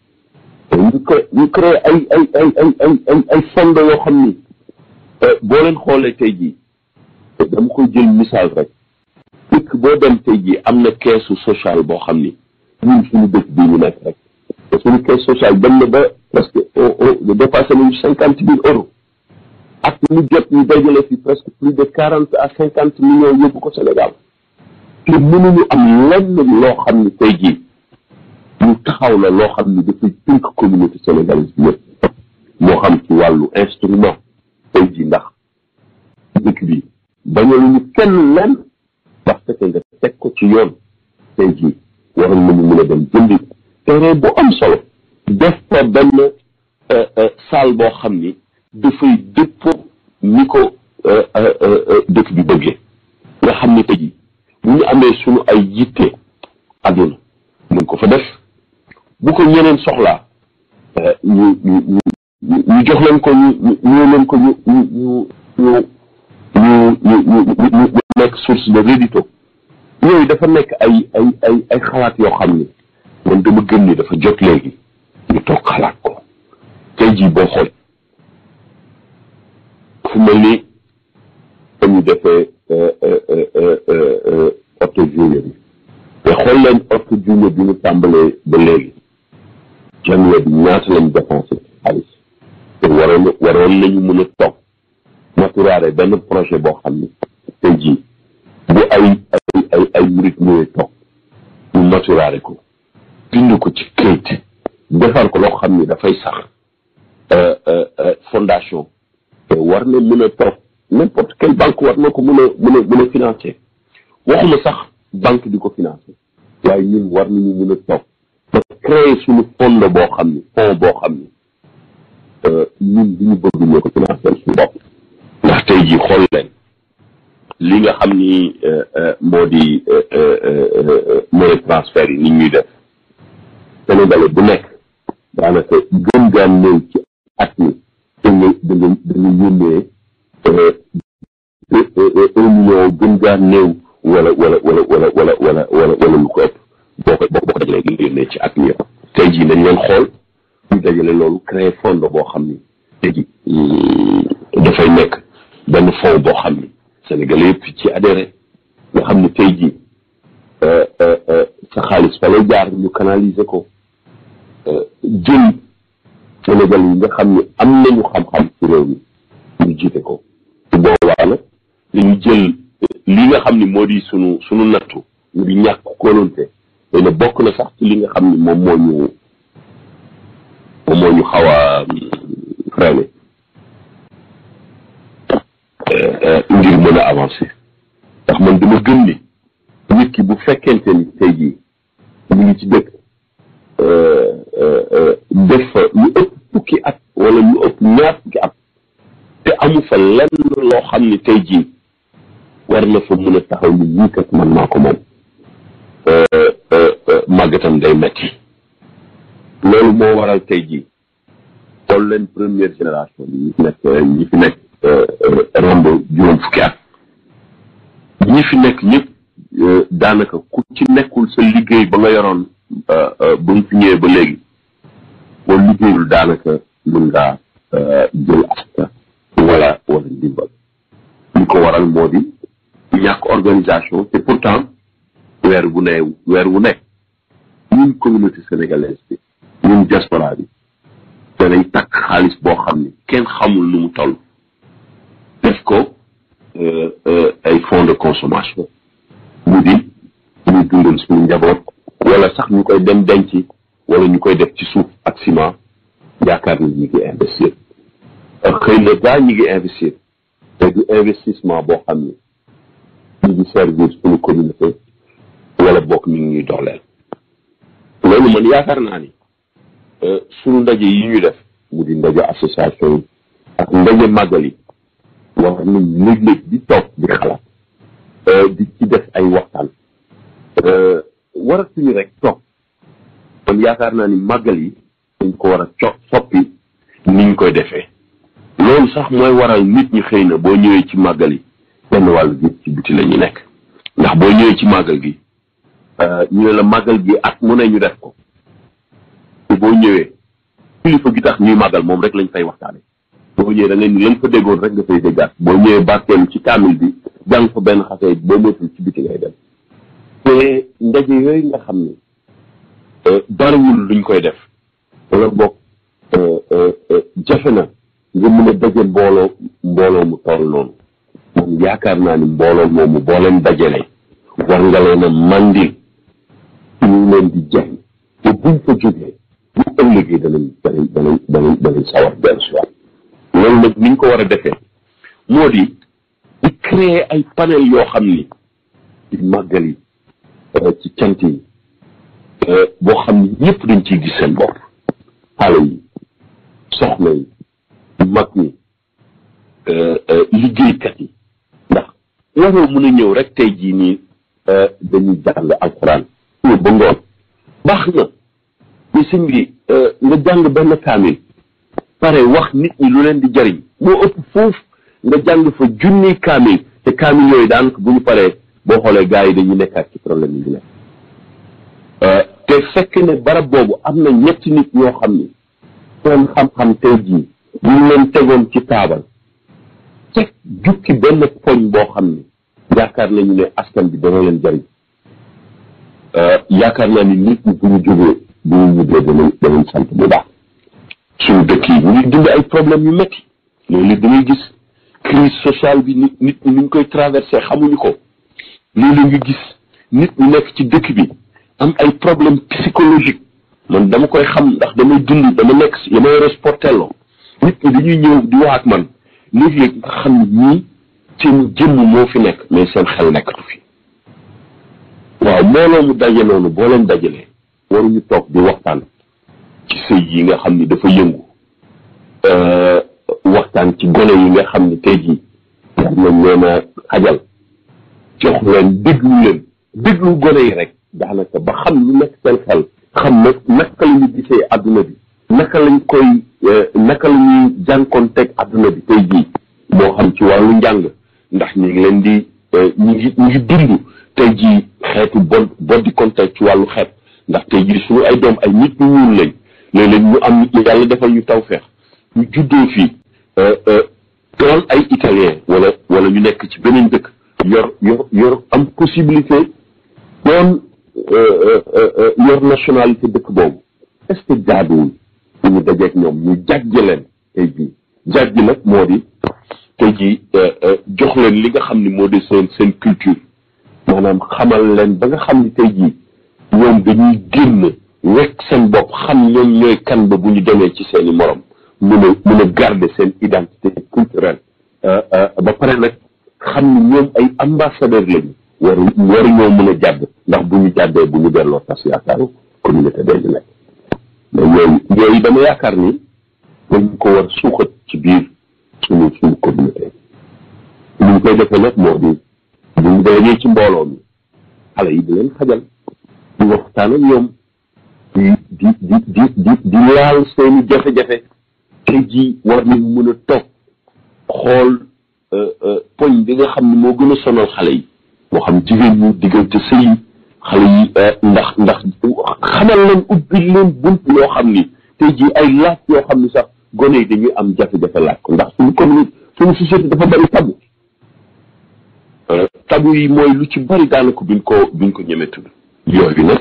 ñu créé ñu créé ay ay ay ay ay ay ay fond yoo xam ni boo leen xoolee tey jii dama koy jël misaal rek dëkk boo dem tey jii am na keesu social boo xam ni ñun suñu dëkk bii ñu nekk rek te suñu kees social dem na ba presque au dépassé nañu cinquante mille euros ak ñu jot ñu dajale fi presque plus de quarante à cinquante millions yóbbu ko Sénégal te mënuñu am lenn loo xam ni tey jii ñu taxaw la loo xam ni dafay tënk communauté sénégalaise bi yëpp moo xam ci wàllu instrument tey ji ndax dëkk bi bañalu ñu kenn lenn parce que nga teg ko ci yoon tey ji waroon nañu mën a dem jëndi terrain bu am solo def ko benn salle boo xam ni dafay dëppoo ni ko dëkk bi bëggee nga xam ni tey ji bu ñu amee suñu ay yitte àdduna mën ko fa def bu ko ñeneen soxlaa ñu ñu ñu jox leen ko ñu ñu leen ko ñu ñu ñu ñu ñu ñu ñu nekk source de rédito yooyu dafa nekk ay ay ay ay xalaat yoo xam ni man dama gëm ni dafa jot léegi ñu toog xalaat ko tey jii xool fu mel ni dañu defee oto junior bi te xool leen oto junior bi ñu tàmbalee ba léegi janvier bi ñaata lañ xaalis waroon waroon nañu mën a toog maturaale benn projet boo xam ne tey jii bu ay ay murit ñëwee toog ñu maturaale ko bind ko ci këyit defar ko loo xam ni dafay sax euh, euh, euh, fondation te war na mën a toog n'importe quelle banque war na ko mën a mën a mën a financer waxuma sax banque di ko financer waaye ñun war nañu mën a ba créé suñu fond la boo xam ni fond boo xam ni euh, ñun li bëgg ñoo ko suñu bopp ndax tey jii li nga xam ni euh, euh, moo di mooy transfert yi ni ñuy def sénégalais bu nekk daanaka gën gaan néew ci at mi danga danga danga yónnee un million gën gaan néew wala wala wala wala wala wala lu ko ëpp boo ko boo ko dajalee ci at mi yëpp tey jii nañ leen xool ñu dajale xam ni tey jii mm, benn fond boo xam ni Sénégalais yëpp nga xam ni tey jii euh, euh, euh, sa xaalis fa jaar ñu canaliser ko jël Sénégal yi nga xam ni am nañu xam-xam ci réew mi ñu jiite ko su li nga xam ni moo di sunu sunu nattu ñu di ñàkk kóolonte xëy na bokk na sax ci li nga xam ne moom moo ñu moom moo ñu xaw a freiné ngir mën a avancé ndax man dama gëm ni nit ki bu fekkente ni tey jii mu ngi ci dëkk def fa lu ëpp fukki at wala lu ëpp ñaar fukki at te amu fa lenn loo xam ne tey jii war na fa mën a taxaw ni lii kat man maa ko moom Euh, euh, euh, màggatam day metti loolu moo waral tey jii xool leen première génération bi ñi fi nekk ñi fi nekk romb juróom fukki at ñi fi nekk ñëpp daanaka ku ci nekkul sa liggéey ba nga yoroon ba mu fi ñëwee ba léegi boo liggéeyul daanaka mën ngaa jël aska wala wala ndimbal li ko waral moo di ñàkk organisation te pourtant weer wu ne weer wu nekk ñun communauté sénégalaise bi ñun diaspora bi danañ takk xaalis boo xam ni kenn xamul nu mu toll def ko euh, euh, ay fonds de consommation mu di ñu dundal suñu njaboot wala sax ñu koy dem denc wala ñu koy def ci suuf ak ciment yaakaar ni ñu ak investir xëy na daa ñu ngi investir te du investissement boo xam ni ñu ngi servir suñu communauté wala bokk mi ngi ñuy doxleel loolu man yaakaar naa ni euh, suñu ndaje yi ñu def mu di ndaje association yi ak ndaje màggal yi war nañ léeg-léeg di toog di xalaat euh, di a euh, rek toog kon yaakaar naa ni màggal yi dañ ko war a co soppi niñ koy defee loolu sax mooy waral nit ñi xëy na boo ñëwee ci màggal yi benn wàllu gi ci biti la nekk ndax boo ñëwee ci màggal gi Euh, ñu ne la màggal gi at mu ne ñu def ko te boo ñëwee kilifa gi tax ñuy màggal moom rek lañ fay waxtaane boo ñëwee da ngay ni la nga fa déggoon rek nga fay déggaat boo ñëwee barkeelu ci kaamil bi jàng fa benn xasee boo moytul ci biti ngay dem nga xam ne euh, luñ koy def wala bokk euh, jafe na nga mën a daje mbooloo mbooloo mu toll noonu moom yaakaar naa ni mbooloo moomu boo leen dajalee war nga leen a mandil ñu ngi loolu nag niñ ko war a defee moo di di ay panel yoo xam ni ci màggal yi euh, ci cant yi euh, boo xam ni ñëpp dañ ci gis seen bopp xale yi soxna yi mag ñi euh, liggéeykat yi ndax waroo mën a ñëw rek tey jii nii dañuy jàng alxuraan suur baax na mais sëñ bi euh, nga jàng benn kaamil pare wax nit ñi lu leen di jariñ moo ëpp foofu nga jàng fa junni kaamil te kaamil yooyu daanaka bu ñu paree boo xoolee gars yi dañuy nekkaat ci problème yi ñu nekk euh, te fekk ne barab boobu am na ñetti nit ñoo xam ni seen xam-xam tey jii ñu leen tegoon ci taabal teg jukki benn poñ boo xam ne yaakaar nañu ne askan bi dana leen jariñ yaakaar naa ni nit ñi bu ñu jógee bu ñu ñibbee danañ danañ sant bu baax suñu dëkk yi ñu ngi dund ay problème yu métti léeg-léeg dañuy gis crise sociale bi nit nit ñi ñu koy traversé xamuñu ko léeg-léeg nga gis nit ñi nekk ci dëkk bi am ay problème psychologique man dama koy xam ndax damay dund dama nekk si dama yore sportello nit ñi dañuy ñëw di wax ak man léeg-léeg nga xam ni ñii seen jëmm moo fi nekk mais seen xel nekkatu fi waaw mbooloo mu daje noonu boo leen dajalee waruñu toog di waxtaan ci sëy yi nga xam ni dafa yëngu euh, waxtaan ci gone yi nga xam ni tey jii nañ leen a xajal déglu déglu gone yi rek daanaka ba xam lu nekk seen xam nag naka la gisee adduna bi naka lañ koy euh, naka la ñuy jànkoonteeg adduna bi tey jii moo xam ci wàllu njàng ndax ñu ngi leen di euh, ñu ngi ñu ngi dund tey jii xeetu bon body contact ci wàllu xeet ndax tey jii su ay doom ay nit ñu ñuul lañ léeg ñu am yàlla defal ñu tawfeex ñu juddoo fii euh, euh, doon ay italien wala wala ñu nekk ci beneen dëkk yor yor yor am possibilité doon euh, yor nationalité dëkk boobu est que jaaduwul bu ñu dajeeg ñoom ñu jàjj leen tey jii jàjj nag moo di tey jii jox leen li nga xam ni moo di seen seen culture maanaam xamal leen ba nga xam ni tey jii ñoom dañuy génn wekk seen bopp xam ñoom ñooy kan ba bu ñu demee ci seeni i morom mun a mun a garder seen identité culturelle euh, euh, ba pare nag xam ni ñoom ay ambassadeur lañu waru ñoo mun a jàdd ndax bu ñu jàddee bu ñu delloo tas yaakaaru communauté day nekk mais yooyu yooyu dama yaakaar ni dañ ko war suuxat ci biir suñu suñu communauté li koy defee nag moo di buñ dajee ci mbooloo mi xale yi di leen xajal di waxtaan ak ñoom di di di di di di laal seeni jafe-jafe tey jii war nañ mën a toog xool poñ bi nga xam ne moo gën a sonal xale yi moo xam jigéen ñi diggante sëy xale yi ndax ndax xamal leen ubbi leen bunt loo xam ni tey jii ay laaj yoo xam ni sax gone yi dañuy am jafe-jafe laaj ko ndax suñu commune suñu société dafa bari tabu Euh, tabu yi mooy lu ci bëri daanaka duñ ko duñ ko ñeme tudd yooyu nag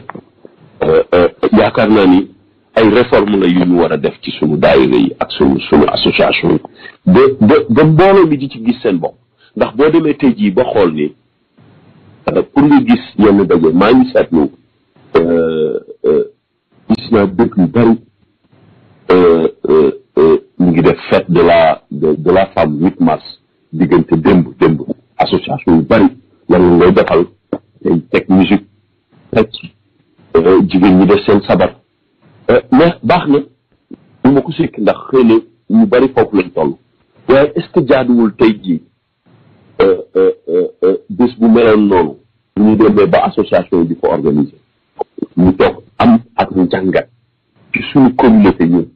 euh, euh, yaakaar naa ni ay réforme la yu ñu war a def ci suñu daayira yi ak suñu suñu association yi ba ba ba mbooloo mi di ci gis seen bopp ndax boo demee tey jii ba xool ni pour nga gis yenn daje maa ngi seetlu gis naa dëkk yu bëri ñu ngi def fête de la de la femme huit mars diggante démb démb association yu bari lan la ngay defal tey teg musique teg jigéen ñi def seen sabar eh, baax na du ma ko sikk ndax xëy na ñu bëri foofu lañ toll waaye est-ce tey jii eh, eh, bés bu meloon noonu mu demee ba association di ko organiser ñu toog am ak njàngat ci suñu communauté ñun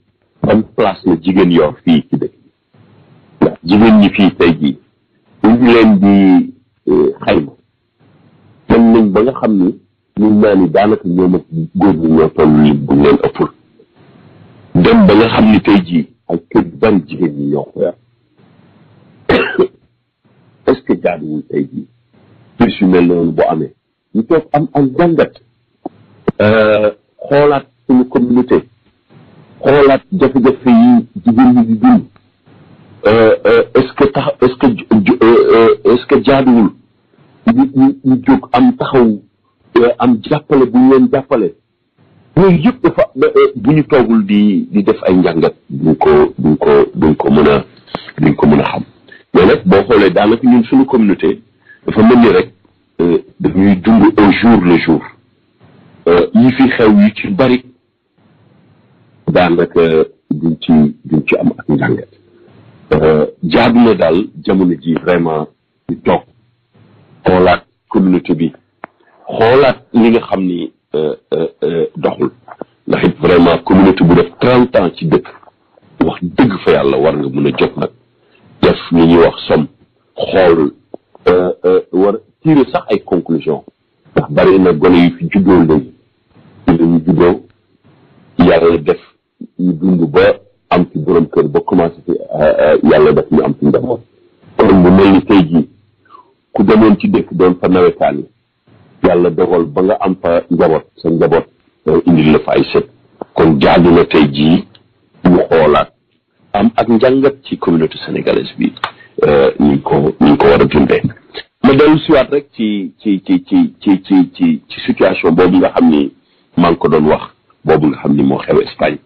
ban place la jigéen yor fii ci dëkk jigéen ñi fii tey jii ñu ngi leen di euh, xayma dem nañ ba nga xam ni ñun naa ni daanaka ñoom ak góor ñi ñoo toll ni bu leen ëppul dem ba nga xam ni tey jii ay kër yu bari jigéen ñi ñoo ko yor est jii plus mel noonu bu amee ñu toog am am jàngat euh, xoolaat suñu communauté xoolaat jafe-jafe yi jigéen ñi di Euh, euh, est-ce que tax est-ce que euh, jaaduwul ñu ñu jóg am taxaw am jàppale bu ñu leen jàppale bu ñu toogul di di def ay njàngat duñ ko duñ ko duñ ko mën a duñ ko mën a xam mais nag boo xoolee daanaka ñun suñu communauté dafa mel ni rek daf ñuy dund au jour le jour yi fi xew yu ci bari daanaka duñ ci duñ ci am ak njàngat jaadu na daal jamono ji vraiment di tok xoolaat communauté bi xolat li nga xamni euh, euh euh doxul ndax it vraiment communauté bu def 30 ans ci deuk wax deug fa yalla war nga mëna jox nak def li ñuy wax som xol euh euh war tirer sax ay conclusion ndax bari na gone yu fi juddoo léegi ñu juddoo yalla def ñu dund ba am ci borom kër ba commencé ci euh, yàlla daf ñu am ci njaboot kon mu ku demoon ci dëkk doon fa nawetaan yi ba nga am fa njaboot sa njaboot indil la ay sët kon jaadu na tey jii ñu xoolaat am ak njàngat ci communauté sénégalaise bi euh, ñu ko ñu ko war a dundee ma dellu siwaat rek ci ci ci ci ci ci ci ci situation boobu nga xam ni maa ngi ko doon wax boobu nga xam ni moo xew Espagne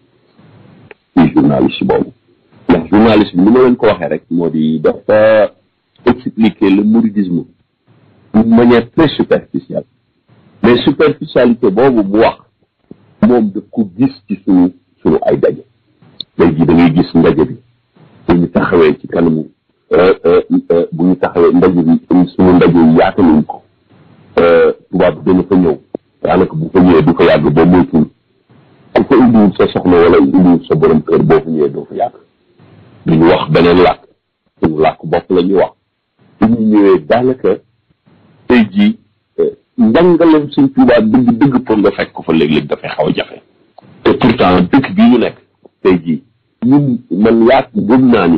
ci journaliste boobu ndax journaliste bi ni ma leen ko waxee rek moo di dafa expliquer le mouridisme d'une manière très superficielle mais superficialité boobu bu wax moom daf ko gis ci suñu suñu ay daje léegi da ngay gis ndaje bi bu ñu taxawee ci kanamu euh, euh, euh, bu ñu taxawee ndaje bi suñu ndaje yi yaataluñ ko tubaab bi dana fa ñëw daanaka bu fa ñëwee du fa yàgg ba moytul ko indiwul sa soxna wala indiwul sa borom kër boo fu ñëwee doo fa yàgg duñu wax beneen làkk suñu làkk bopp la ñuy wax suñu ñëwee daanaka tey jii eh, njàngalem suñ tuubaa dëgg dëgg pour nga fekk ko fa léeg-léeg dafay xaw a jafe te pourtant dëkk bii ñu nekk tey jii ñun man yaat gëm naa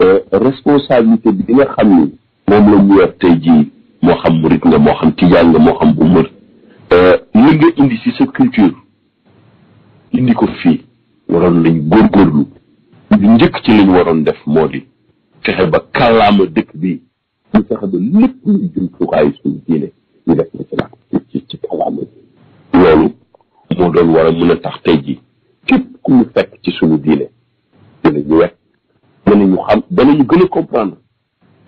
eh, responsabilité bi nga xam ni moom la yor tey jii moo xam murit nga moo xam tijaan nga moo xam bu mër eh, indi ci sa culture indi ko fii waroon nañ góorgóorlu di njëkk ci liñ waroon def moo di fexe ba kàllaama dëkk bi ñu fexe ba lépp luy jumtukaayu suñ diine ñu def na ci la ci ci kàllaama bi loolu moo doon war a mën a tax tey ji képp ku ñu fekk ci suñu diine dinañu wekk danañu xam danañu gën a comprendre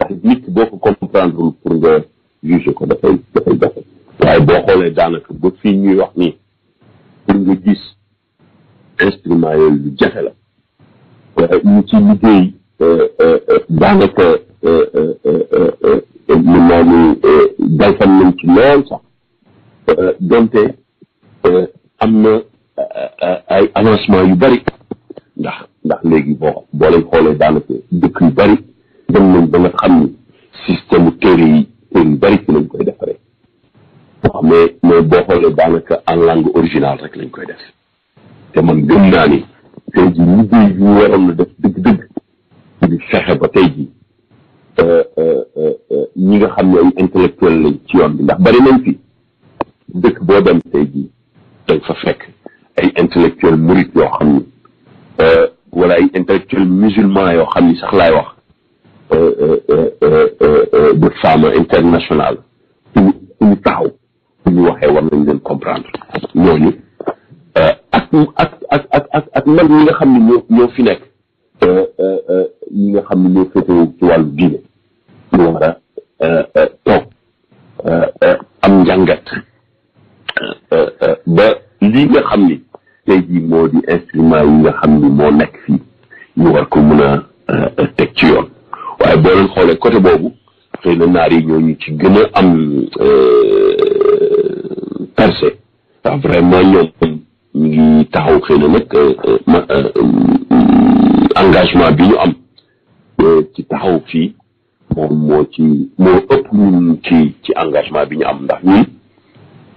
ndax nit boo ko comprendre pour nga juger ko dafay dafay jafe waaye boo xoolee daanaka ba fii ñuy wax nii pour nga gis instrument yooyu lu jafe la ñu ci liggéey euh, euh, euh, daanaka mën naa ni nañ ci lool sax donte am na ay avancement yu bari ndax ndax léegi boo boo leen xoolee daanaka dëkk yu bari dem ba nga xam ni système téere yi téere yu bari ci lañ koy defaree waaw mais mais boo xoolee daanaka en langue originale rek lañ koy def te man gëm naa ni tey ji liggéey bi ñu waroon na def dëgg-dëgg di fexe ba tey ji ñi nga xam ne ay intellectuel lañ ci yoon bi ndax bari nañ fi dëkk boo dem tey ji dañ fa fekk ay intellectuel murit yoo xam ni wala ay intellectuel musulman yoo xam ni sax laay wax de femme internationale suñu suñu taxaw suñu waxee war nañ leen comprendre ñooñu ak ak ak ak ak ak mag ñi nga xam ne ñoo ñoo fi nekk ñi nga xam ne ñoo féete ci wàllu diine ñu war a toog am njàngat ba lii nga xam ni tey jii moo di instrument yi nga xam ni moo nekk fii ñu war ko mën a teg ci yoon waaye boo leen xoolee côté boobu xëy na naar yi ñooñu ci gën a am percé ndax vraiment ñoom ñu taxaw xëy na euh, euh, euh, engagement bi ñu am ci taxaw fii moom moo ci moo ëpp ñun ci engagement bi ñu am ndax ñun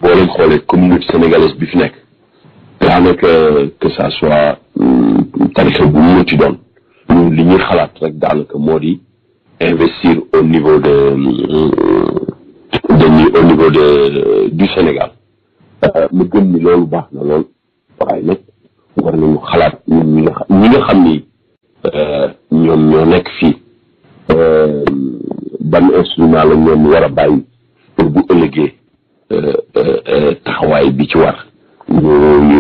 boo leen xoolee communauté sénégalaise bi fi nekk daanaka que ça soit tarixa bu mu doon li ñuy xalaat rek daanaka moo di investir au niveau de du Sénégal mu gëm ni loolu baax na lool waaye nag war nañu xalaat ñun ñi nga xam ñi euh, ñoom ñoo nekk fii euh, ban instrument la ñoom war a bàyyi pour bu ëllëgee euh, taxawaay bi ci war ñu ñu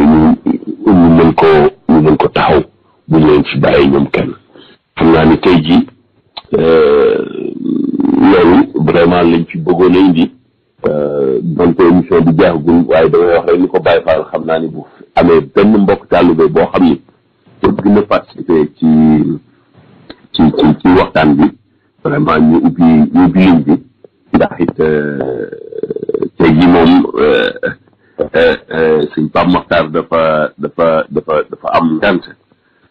ñu mën ko ñu mën ko taxaw bu ñu leen fi bàyyi ñoom kenn xam naa ni tey ji loolu vraiment lañ fi bëggoon a indi donte émission bi jeexagul waaye damay wax rek ni ko Baye Fall xam naa ni bu amé benn mbokk talibé bo xamni ci gëna participer ci ci ci ci waxtan bi vraiment ñu ubi ñu ubbi ligne bi ndax it tey jii moom suñ Pape Makhtar dafa dafa dafa dafa am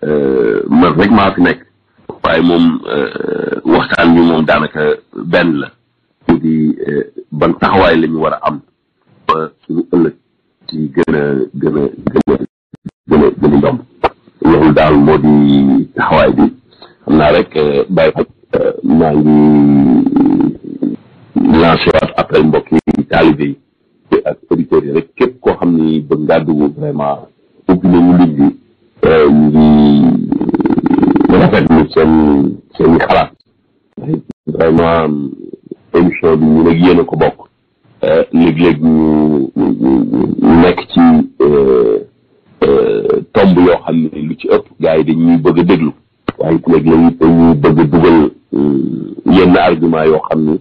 euh ma rek ma fi nek way mom euh waxtan ñu mom danaka benn la ñu di ban taxaway lañu wara am euh am suñu ëllëg ci gën a gën a gën a gën gën a loolu daal moo di taxawaay bi xam naa rek eh, bàyyi xaj eh, maa ngi lancé waat appel mbokk taalibe yi ak rek képp koo xam ni bëgg ngaa dugg vraiment ubbi nañu ligg bi eh, ñu ngi rafetlu seen seen xalaat vraiment émission bi ñu nag yéen a ko bokk léeg-léeg euh, ñu nekk ci euh, euh, tomb yoo xam ne lu ci ëpp gaa yi dañuy bëgg a waaye it dañuy bëgg a dugal yenn argument yoo xam ne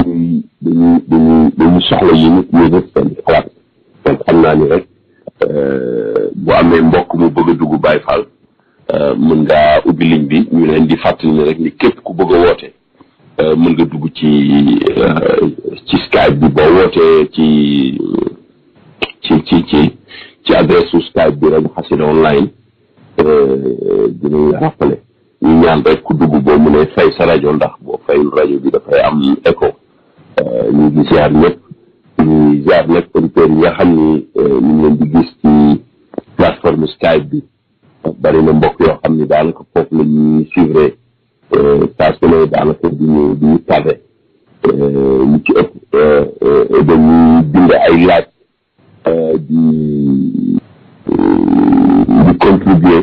dañuy dañuy dañuy soxla yi nit ñuy def seen xalaat donc xam naa ni rek bu amee mbokk mu bëgg a dugg Baye Fall mën ngaa ubbi ligne bi ñu leen di fàttali ne rek ni képp ku bëgg woote Euh, mën nga dugg ci euh, ci Skype bi boo wootee ci ci ci ci ci Skype bi rajo Xassida online euh, dinañ rappelé ñu ñaan rek ku dugg boo mënee fay sa rajo ndax boo fayul rajo bi dafay am écho ñu ngi ziar ñëpp ñu ziar nag auditeurs xam ni ñu ngi di gis ci plateforme Skype bi bari mbokk yoo xam ni daanaka foofu la suivre saa su ne daanaka du ñu du ñu tabe euh, ñu ci ëpp euh, euh, ay laaj di di contribuer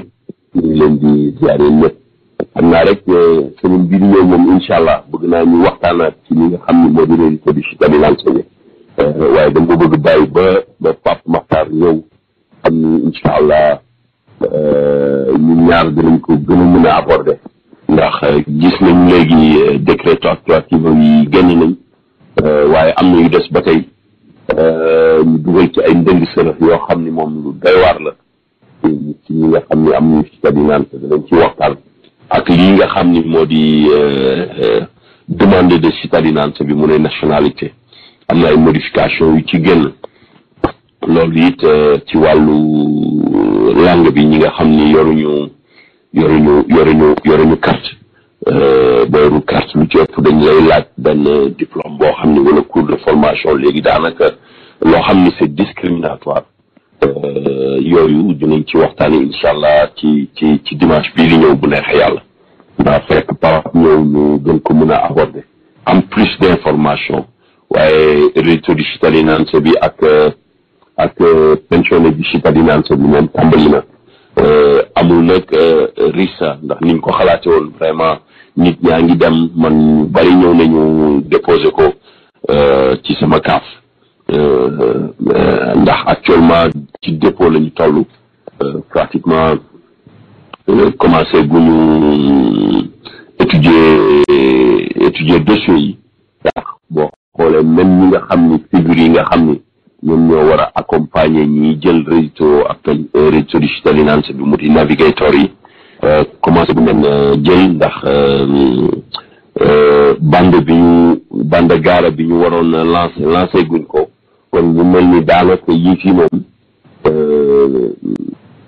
ñu leen di ziare ñëpp xam naa rek semaine bii ñëw moom incha allah bëgg naa ñu waxtaanaat ci li nga xam ne moo di réalité du système de l'enseignement waaye dama bëgg bàyyi ba ba Pape Makhtar ñëw xam ni incha allah ñaar dinañ ko gën a mën a aborder ndax euh, gis nañ léegi euh, décret rétroactive yi génn nañ euh, waaye am na yu des ba tey ñu dugal ci ay ndënd sërëf yoo xam ni moom lu doy waar la ci ñi nga xam ni am ñu ci naan te danañ ci waxtaan ak bi mu ne nationalité am na ay modification yu ci génn loolu it ci wàllu langue bi ñi nga xam ni yoruñu yore ñu yore ñu yore ñu carte euh, booru lu ci dañ lay laaj benn diplôme boo xam ni wala cours de formation léegi daanaka loo xam ni c'est discriminatoire euh, yooyu dinañ ci waxtaani incha allah ci ci ci dimanche bi di ñëw bu neexee yàlla ndaa fekk parap ñëw ñu gën ko mën a aborder plus d'information waaye réto di se bi ak ak pensionné di citadinanse bi moom tàmbali Euh, amul nag euh, rissa ndax niñ ko xalaate woon vraiment nit ñaa ngi dem man bari ñëw nañu déposé ko euh, ci sama kaaf ndax actuellement ci dépôt lañu toll pratiquement commencé guñu étudier étudier dossier yi ndax boo xoolee même ñi nga xam ni figure yi nga xam ni ñoom ñoo war a accompagner ñi jël réseau appel euh, réseau digital finance bi mu di navigator yi euh, commencé bu ngeen euh, ndax bande bi ñu gaara bi waroon lancé lancé guñ ko kon ñu mel ni daanaka yii fii moom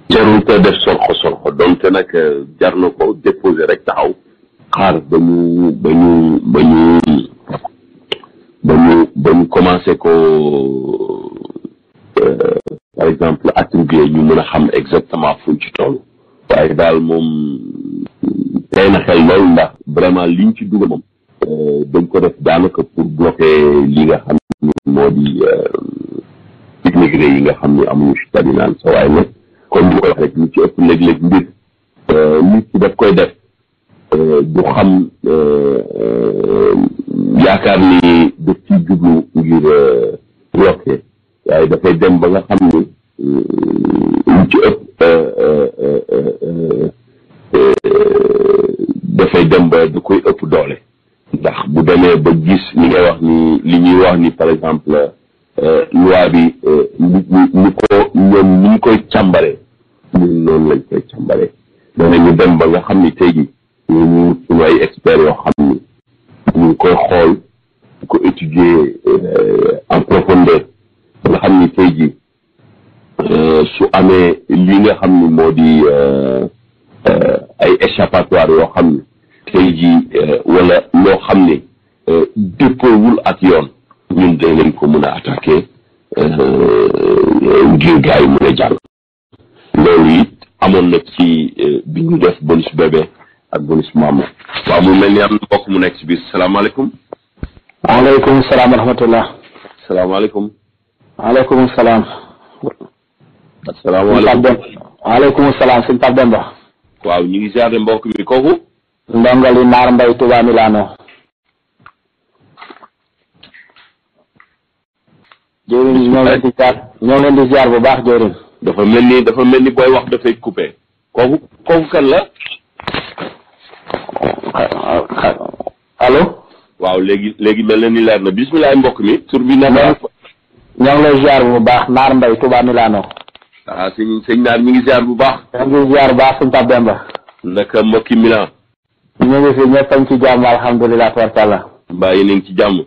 jarul ko def sorxo sorxo donte nag jar na ko déposer rek taxaw xaar ba ñu ba ñu ba ñu ba ñu ba ñu commencé ko euh, par exemple attribuer ñu mën a xam exactement fuñ ci toll. waaye daal moom tey na xel lool ndax vraiment liñ ci dugal moom. Euh, dañ ko def daanaka pour bloquer li nga xam ni moo di euh, immigré yi nga xam ni amuñu si cardinal sa waaye nag comme li ko wax rek ñu ci ëpp léeg-léeg mbir nit ci daf koy def. du xam euh, euh, yaakaar ni daf ciy jublu ngir bloqué euh, waaye dafay dem ba nga xam ni lu ci ëpp dafay dem ba da koy ëpp doole ndax bu demee ba gis li ngay wax ni li ñuy wax ni par exemple loi bi ni ni ko ñoom ni ñu koy càmbare noonu lañ dem ba nga xam ni tey jii ñu suñu ay experts yoo xam ni ñu koy xool di étudier euh, en profondeur xam ni tey ji euh, su amee li nga xam ni moo di euh, ay échappatoire yoo xam ni tey ji wala loo xam ni dëppoowul ak yoon ñun dañ leen ko mën a attaqué ngir gars yi a jàll loolu it amoon na ci bi def bonus bébé ak bu lis maamu waaw mu mel ni am na mbokk mu nekk ci biir salaamaaleykum waaleykum salaam wa rahmatullah salaamaaleykum waaleykum salaam asalaamaaleykum waaleykum salaam sëñ Pape Demba waaw ñu ngi ziare mbokk mi kooku ndongali naar mbay Touba Milano jëwriñ ñoo leen di ziar ñoo leen di ziar bu baax jëwriñ dafa mel ni dafa mel ni booy wax dafay coupé kooku kooku kan la alo waaw léegi léegi mel na ni leer na bisimilah mbokk mi. tur bi na ma. ñoo ngi lay ziar bu baax Naar Mbaye Touba Milano. ah sëñ sëñ Naar ñu ngi ziar bu baax. ñu ngi ziar bu baax sëñ Pape Demba. naka mbokki Milan. ñu ngi fi ñëpp am ci jàmm alhamdulilah tabarkàlla. mbaa yéen a ngi ci jàmm.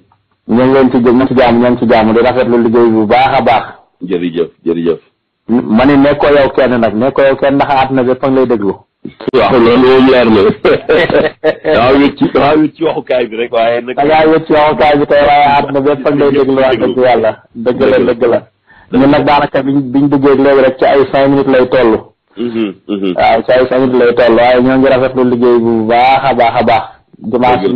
ñoo ngi leen ci jëm ci jàmm ñoo ngi ci jàmm di rafetlu liggéey bu baax a baax. jërëjëf jërëjëf. ma ni nekkoo yow kenn nag nekkoo yow kenn ndax àdduna bépp a ngi lay déglu. waaw loolu leer na daa wét ci daa waxukaay bi rek waaye nag. da ngaa wét ci waxukaay bi tey waaye àdduna bépp ak ngay déglu dëgg yàlla. dëgg la dëgg la. ñun nag daanaka biñ biñ duggee léegi rek ci ay cinq minutes lay toll. Mm-hmm, mm-hmm. waaw ci ay cinq minutes lay toll waaye ñoo ngi rafetlu liggéey bu baax a baax a baax. dimanche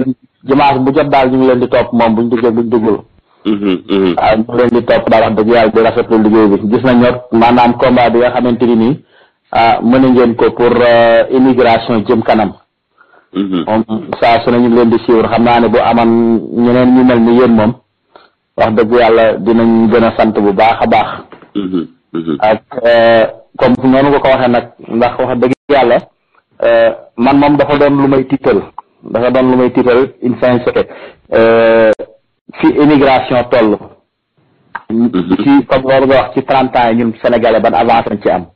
dimanche bu jot daal ñu leen di topp moom buñ duggee buñ duggul. Mm-hmm, waaw ñu ngi leen di topp daal wax dëgg yàlla di rafetlu liggéey bi gis nañ ñor maanaam combat bi nga xamante ni nii. ah a ngeen ko pour euh, immigration jëm kanam. Mm-hmm. moom saa su ne ñu leen di suivre xam naa ne bu aman ñeneen ñu mel ni yéen moom wax dëgg yàlla dinañ gën a sant bu baax a baax. Mm-hmm. Mm-hmm. ak euh, comme noonu nga ko waxee nag ndax wax dëgg yàlla euh, man moom dafa doon lu may tiital dafa doon lu may tiital in fin fi immigration toll. ci comme loolu nga wax ci trente ans yi ñun sénégalais ban avancé nañ ci am.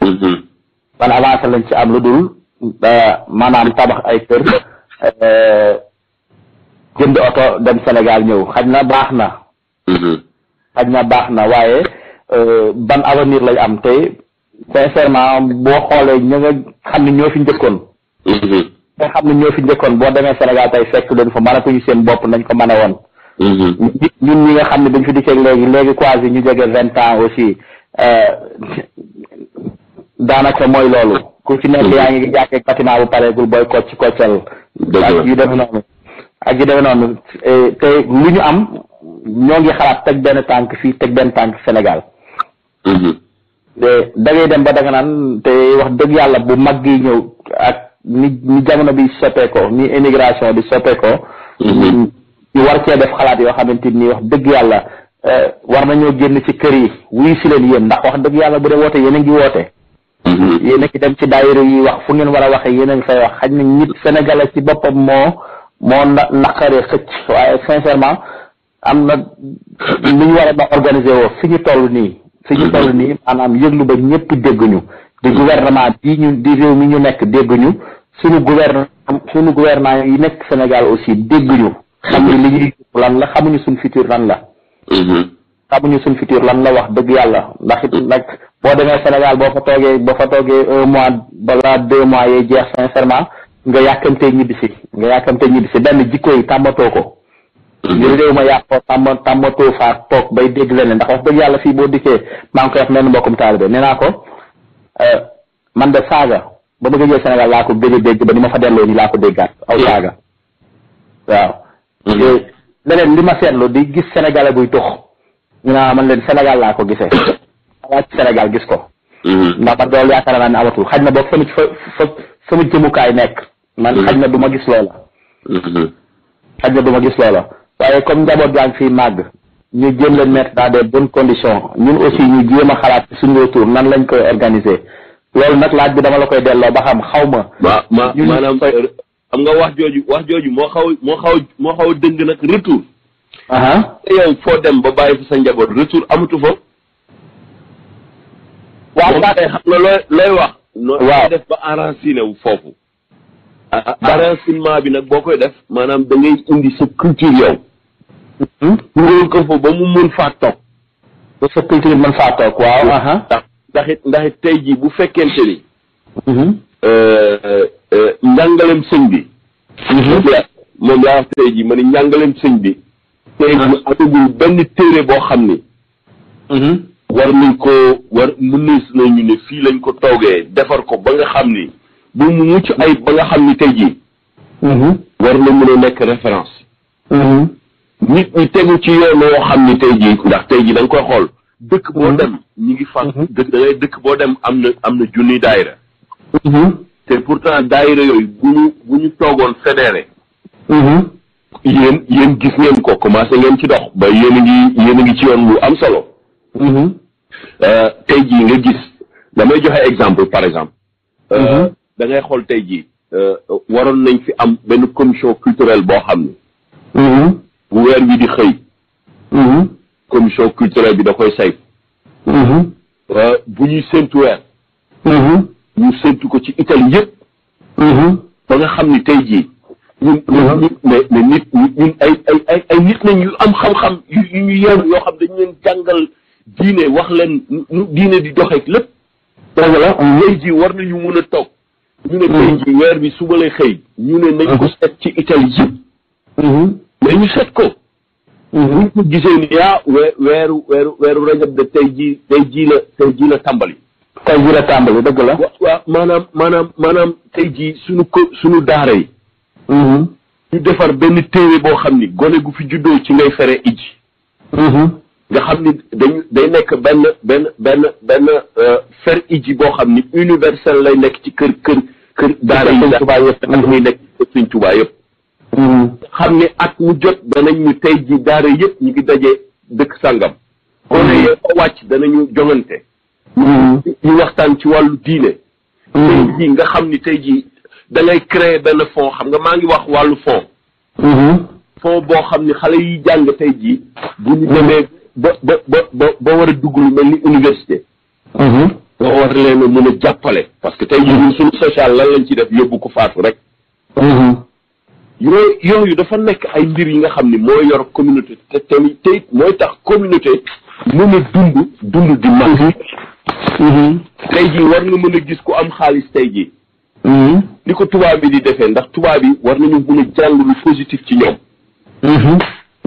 ban mm-hmm. avancé lañ ci am lu dul maanaam tabax ay kër euh, jënd oto dem Sénégal ñëw xaj na baax na mm-hmm. xaj na baax na waaye euh, ban avenir lañ am tey sincèrement boo xoolee ñu nga xam ne ñoo fi njëkkoon mm-hmm. nga xam ne ñoo fi njëkkoon boo demee Sénégal tey fekk leen fa mënatuñu seen bopp nañ ko mën a woon ñun ñi nga xam ne dañ fi dikkeeg léegi léegi quasi ñu jege vingt ans aussi euh, daanaka mooy loolu. ku ci nekk yaa ngi jàkkee bâtiment bu pareegul booy kocc koccal. ak yu demee noonu. ak yu demee noonu eh, te lu ñu am ñoo ngi xalaat teg benn tànk fii teg benn tànk senegal mm-hmm. te dem ba da nga te wax dëgg yàlla bu mag yi ñëw ak ni ni jamono bi soppeekoo ni immigration bi soppeekoo. Mm-hmm. ñu war cee def xalaat yoo xamante ni wax dëgg yàlla eh, war nañoo génn ci kër yi wuyu si leen yéen ndax wax dëgg yàlla bu dee woote yéen a ngi woote. Mm-hmm. yéen a ci dem ci daayira yi wax fu ngeen war a waxee yéen a fay wax xaj na nit sénégalais ci boppam moo moo na naqaree xëcc waaye sincèrement am na lu ñu war a organiser woo fi ñu toll nii fi ñu toll nii maanaam yëglu ba ñëpp dégguñu di gouvernement bi ñu di réew mi ñu nekk dégguñu suñu gouvernement suñu gouvernement yi nekk Sénégal aussi dégguñu xam ni li ñuy lan la xamuñu suñ futur lan la mm-hmm. xamuñu suñ futur lan la wax dëgg yàlla ndax nag boo demee Sénégal boo fa toogee boo fa toogee un mois balaa deux mois yee jeex sincèrement nga yàkkamtee ñibbisi nga yàkkamtee ñibbisi benn jikko yi tàmbatoo ko. ngir mhm. réew ma yàqoo tàmma tàmmatoo faa toog bay dégg leneen ndax wax dëgg yàlla fii boo dikkee maa ngi koy wax menn mbokkum taalibe nee naa ko euh, man de saaga ba ma jógee Sénégal laa ko gën a dégg ba ni ma fa delloo ni laa ko déggaat aw saaga waaw. Mhm. leneen li ma seetlu di gis Sénégalais buy tux ñu naa man leen Sénégal laa ko gisee. waa Sénégal gis ko. Mm-hmm. ndax man loolu yaakaar naa ne amatul xaj na boog sama fa fa sama nekk. nan mm-hmm. xaj na duma ma gis loola. Mm-hmm. xaj na du gis loola waaye comme njaboot yaa ngi fiy ñu jéem leen mettre dans des bonnes conditions ñun aussi ñu jéem a xalaat suñu retour nan lañ koy organiser loolu nag laaj bi dama la koy delloo ba xam xaw ma. xam nga wax jooju wax jooju moo xaw moo xaw moo xaw dëng nag retour. te yow foo dem ba bàyyi fa sa njaboot retour amatu fa. waaw daa xam na looy looy wax. waaw def ba enraciné wu foofu. enracinement ah, ah, ah. bi nag boo koy def maanaam da ngay indi sa culture yow. ñëwul hmm? ba mu mun faa toog. ba sa culture mën faa toog waaw. ndax ndax it tey jii bu fekkente ni. Hmm. Euh, euh, euh, njàngaleem hmm. sëñ bi. moom laa wax tey jii ma ni njàngaleem sëñ bi. tey jii benn téere boo xam ni. war nañ ko war mënees nañu ne fii lañ ko toogee defar ko ba nga xam ni ba mu mucc ay ba nga xam ni tey jii mhm. war na mën a nekk référence mhm. nit ñi tegu ci yoon woo xam ni tey jii ndax tey jii da koy xool dëkk boo mhm. dem ñi ngi fas dëkk da dëkk boo dem am na am na junni daayira te pourtant daayira yooyu bu ñu bu ñu toogoon fédéré yéen yéen gis ngeen ko commencé ngeen ci dox ba yéen a ngi yéen a ngi ci yoon bu am solo Euh, tey jii nga gis damay joxe exemple par exemple. Euh, mhm. da ngay xool tey jii euh, waroon nañ fi am benn commission culturelle boo xam ne. Mhm. bu weer wi di xëy. Mhm. commission culturelle bi da koy saytu. bu ñuy séntu weer. ñu séntu ko ci Italie yëpp. ba nga xam ni tey jii. ñun ñun mais mais nit ñun nañ yu am xam-xam yu ñu yeewu yoo xam dañ leen jàngal. diine wax leen nu diine di doxeeg lépp. dëgg la tey jii war nañu mun a toog. ñu ne tey jii weer bi suba lay xëy. ñu ne nañ ko seet ci Italie ji. mais ñu ko. buñ gisee ni ah we weeru weeru rajab de tey jii tey jii la tey jii la tàmbali. tey jii la tàmbali dëgg la. waa maanaam maanaam maanaam tey jii suñu ko suñu daara yi. Mhm. ñu defar benn téere boo xam ni gone gu fi juddoo ci ngay fere iji. nga xam ni dañ day nekk benn benn benn benn fer iji boo xam ni universel lay nekk ci kër kër kër daara yi tubaa yëpp ak muy nekk suñ tubaa yëpp xam ni at mu jot danañ ñu tey ji daara yëpp ñu ngi daje dëkk sàngam kone yee ko wàcc danañu jongante ñu waxtaan ci wàllu diine tey ji nga xam ni tey ji da ngay créer benn fond xam nga maa ngi wax wàllu fond fond boo xam ni xale yi jàng tey ji bu ñu demee ba ba ba ba war a dugg lu mel ni université. Mhm. nga war leen a mën a jàppale. parce que tey ñun suñu social lan lañ ci def yóbbu ko faatu rek. Mhm. yooyu dafa nekk ay mbir yi nga xam ni moo yor communauté te tamit tey mooy tax communauté mën a dund dund di mag. Mhm. tey jii war nga mën a gis ku am xaalis tey jii. ni ko tubaab bi di defee ndax tubaab yi war nañu mën a jàng lu positif ci ñoom.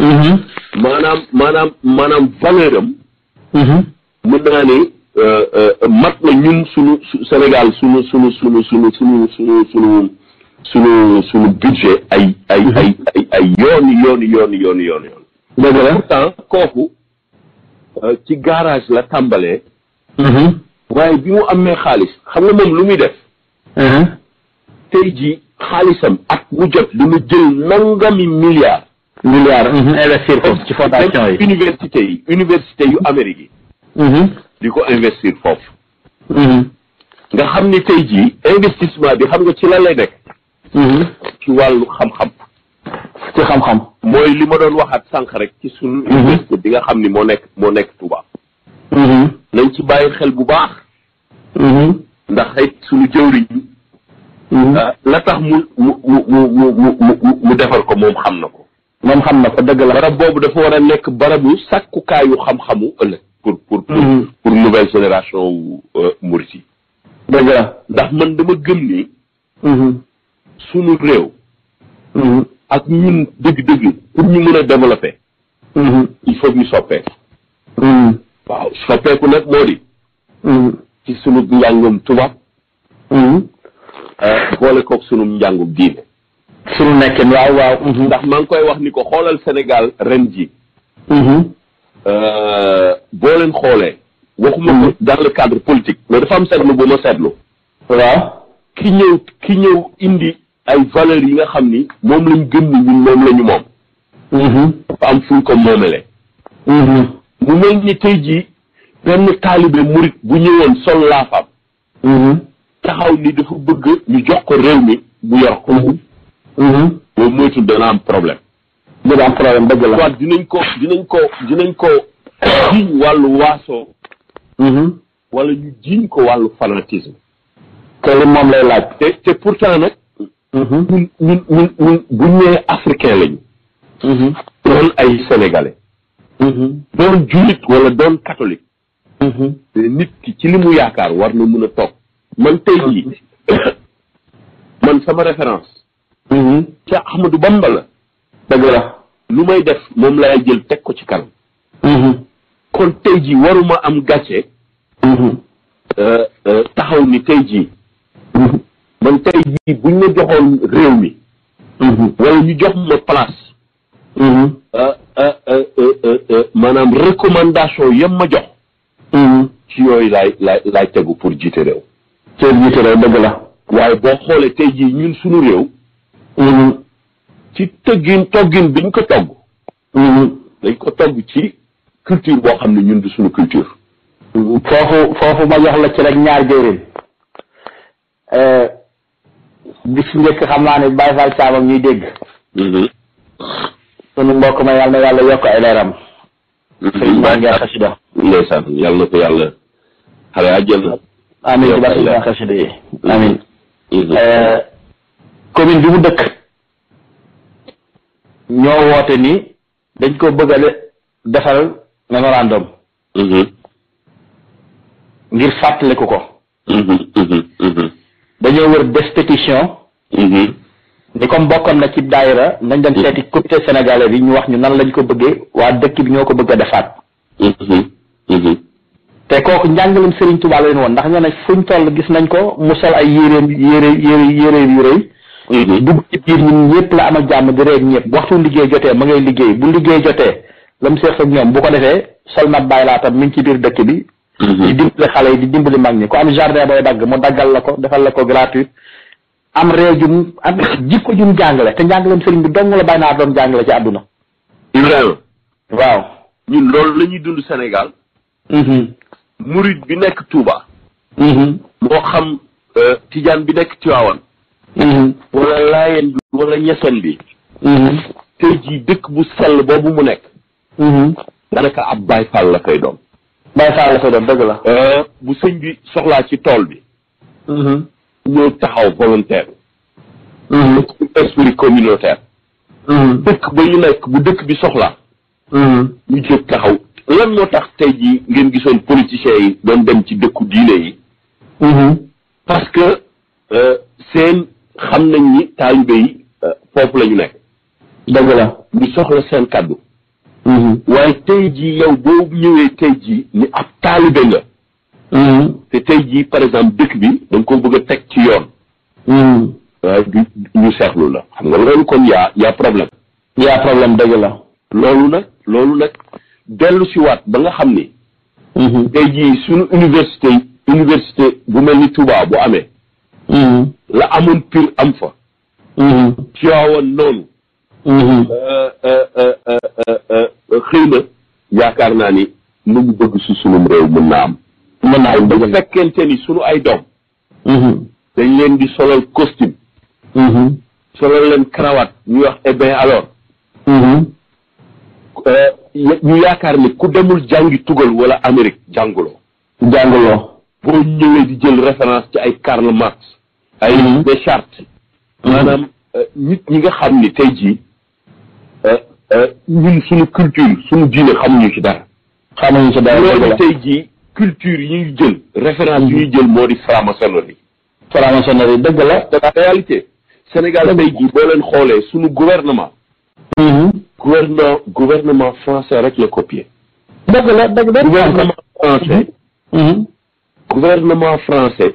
Mm-hmm. maanaam maanaam maanaam valeur am. Mm-hmm. mën naa ne euh, euh, mat na ñun suñu Sénégal suñu suñu suñu suñu suñu suñu suñu suñu suñu budget ay ay mm-hmm. ay ay ay yooni yooni yoon dëgg kooku euh, ci garage la tàmbalee waaye bi mu amee xaalis xam nga moom lu muy def tey ji xaalisam ak mu jot dina jël nangami milliards milliards mhm. investir ko ci fondation yi université yi université yu Amérique yi mhm. di ko investir foofu mhm. nga xam ni tey jii investissement bi xam nga ci lan lay nekk ci wàllu xam-xam ci xam-xam mooy li ma doon waxaat sànq rek ci suñu université bi nga xam ni moo nekk moo nekk Touba nañ ci bàyyi xel bu baax ndax xëy suñu jëwriñ ah, la tax mu mu mu mu mu mu defar ko moom xam na ko moom xam na ko dëgg la barab boobu dafa war a nekk barabu sàkkukaayu xam-xamu ëllëg pour pour pour hmm. nouvelle génération wu euh, murit yi dëgg la ndax man dama gëm ni hmm. sunu réew hmm. ak ñun dëgg-dëgg pour ñu mën a développe il faut ñu soppeeku waaw soppeeku nag moo di ci sunu njàngum tubaab euh, boole koog sunu njàngum diine suñu nekkin waaw waaw. Mhm. ndax maa ngi koy wax ni ko xoolal Sénégal ren ji mhm. euh, boo leen xoolee. waxuma mhm. ko dans le cadre politique. mais dafa am seetlu bu ma seetlu. waaw ki ñëw ki ñëw indi ay valeurs yi nga xam ni moom lañ gëm ni ñun moom la moom. dafa am fuñ ko moomele. mu mel ni tey jii benn taalibe murit bu ñëwoon sol laafam. taxaw ni dafa bëgg ñu jox ko réew mi bu yor ko. Mm-hmm. boobu moytu dana am problème. dina am problème dëgg la. dinañ ko dinañ ko dinañ ko jiiñ wàllu waasoo. Mm-hmm. wala ñu jiiñ ko wàllu fanatisme. te li moom lay laaj. te te pourtant nag. Mm-hmm. ñun ñun ñun ñun africain lañu. doon ay sénégalais. doon julit wala doon catholique. nit ki ci li mu yaakaar war na mun a toog. man tey man sama référence. Cheikh mm-hmm. Ahmadou Bamba la. dëgg la lu may def moom laay jël teg ko ci kanam. Mm-hmm. kon tey jii waruma am gàcce. Mm-hmm. Euh, euh, taxaw ni tey ji man tey bu buñ ma joxoon réew mi. wala ñu jox ma place. Euh, maanaam recommandation yam ma jox. ci yooyu laay laay laay tegu pour jiite réew. seen jiite réew dëgg la. waaye boo xoolee tey ji ñun suñu réew. ci tëggin toggin biñ ko togg dañ ko togg ci culture boo xam ne ñun du suñu culture foofu foofu ma jox la ci rek ñaar jëwrin euh, bi si njëkk xam naa ne Baye Fall saamam ñuy dégg mm-hmm. sunu mbokk ma yàlla na yàlla yokk ay mm-hmm. sëñ ngeen xasida ndeysaan yàlla na ko yàlla xale àjjana amin ci barke xasida yi mm-hmm. amin euh, commune bi mu dëkk ñoo woote ni dañ ko bëgg a defal mémorandum mm-hmm. ngir fàttaliku ko mm-hmm. Mm-hmm. dañoo wër des pétition ni comme bokkoon na ci dayra nañ dem seeti comité sénégalais yi ñu wax ñu nan lañ ko bëggee waa dëkk bi ñoo ko bëgg a defaat te kooku njàng Serigne Touba la leen woon ndax ñoo ne fuñ toll gis nañ ko mu sol ay yére yére yére yére yu Mm-hmm. dugg ci biir ñun ñëpp la amal jàmm di reeg ñëpp waxtu liggéey jotee ma ngay liggéey bu liggéey jotee la mu seex ak ñoom bu ko defee sol na bàyyi laa tam mi ngi ci biir dëkk bi mm-hmm. di dimbali xale yi di dimbali mag ñi ku am jardin booy dagg mu daggal la ko defal la ko gratuite am réew jum am jikko jum jàngale te njàngaleem sëriñ bi dong la bàyyi naa doon jàngale ci àdduna Ibrahima waaw ñun loolu la ñuy dund Sénégal mm-hmm. murid bi nekk Touba moo xam euh, tijaan bi nekk Tiwaawan Mm-hmm. wala laayeen bi wala ñeseen bi mm-hmm. tey jii dëkk bu sell boobu mu nekk mm-hmm. nga nekk ab baay faal la koy doon baay faal la koy doon dëgg la eh, bu sëñ bi soxlaa ci tool bi ñëw taxaw volontaire esprit communautaire dëkk ba ñu nekk bu dëkk bi soxlaa ñu jóg taxaw lan moo tax tey jii ngeen gisoon politiciens yi doon dem ci dëkku diine yi parce que eh, seen xam nañ ni taalibe yi euh, foofu la ñu nekk. dëgg la ñu soxla seen kàddu. Mm-hmm. waaye tey jii yow boo ñëwee tey jii ni ab taalibe nga. Mm-hmm. te tey jii par exemple dëkk bi da ko bëgg teg ci yoon. Mm-hmm. waaye du ñu seexlu la xam nga loolu kon yaa yaa problème. yaa problème dëgg la. loolu nag loolu nag dellu si waat ba nga xam ni. tey jii suñu université université bu mel ni Touba bu amee. Mm-hmm. la amoon pir am fa ciawoon noonu xëy na yaakaar naa ni nu ñu bëgg si sunu réew mën na am mën na am bu fekkente ni sunu ay doom mm-hmm. dañ leen di solal costume mm-hmm. solal leen cravate ñu wax eh bien alors ñu yaakaar ni ku demul jàngi tugal wala Amérique jànguloo jànguloo boo ñëwee di jël référence ci ay Karl Marx ay mhm. des chartes maanaam mhm. euh, nit ñi nga xam ni tey jii euh, euh, ñun suñu culture suñu diine xamuñu ci dara xamuñu ci dara tey jii culture yi ñuy jël référence yi ñuy mhm. jël moo di franc-maçonnerie franc-maçonnerie dëgg la de la réalité Sénégal tey jii boo xoolee suñu gouvernement gouvernement gouvernement français rek la copier dëgg la dëgg la gouvernement français français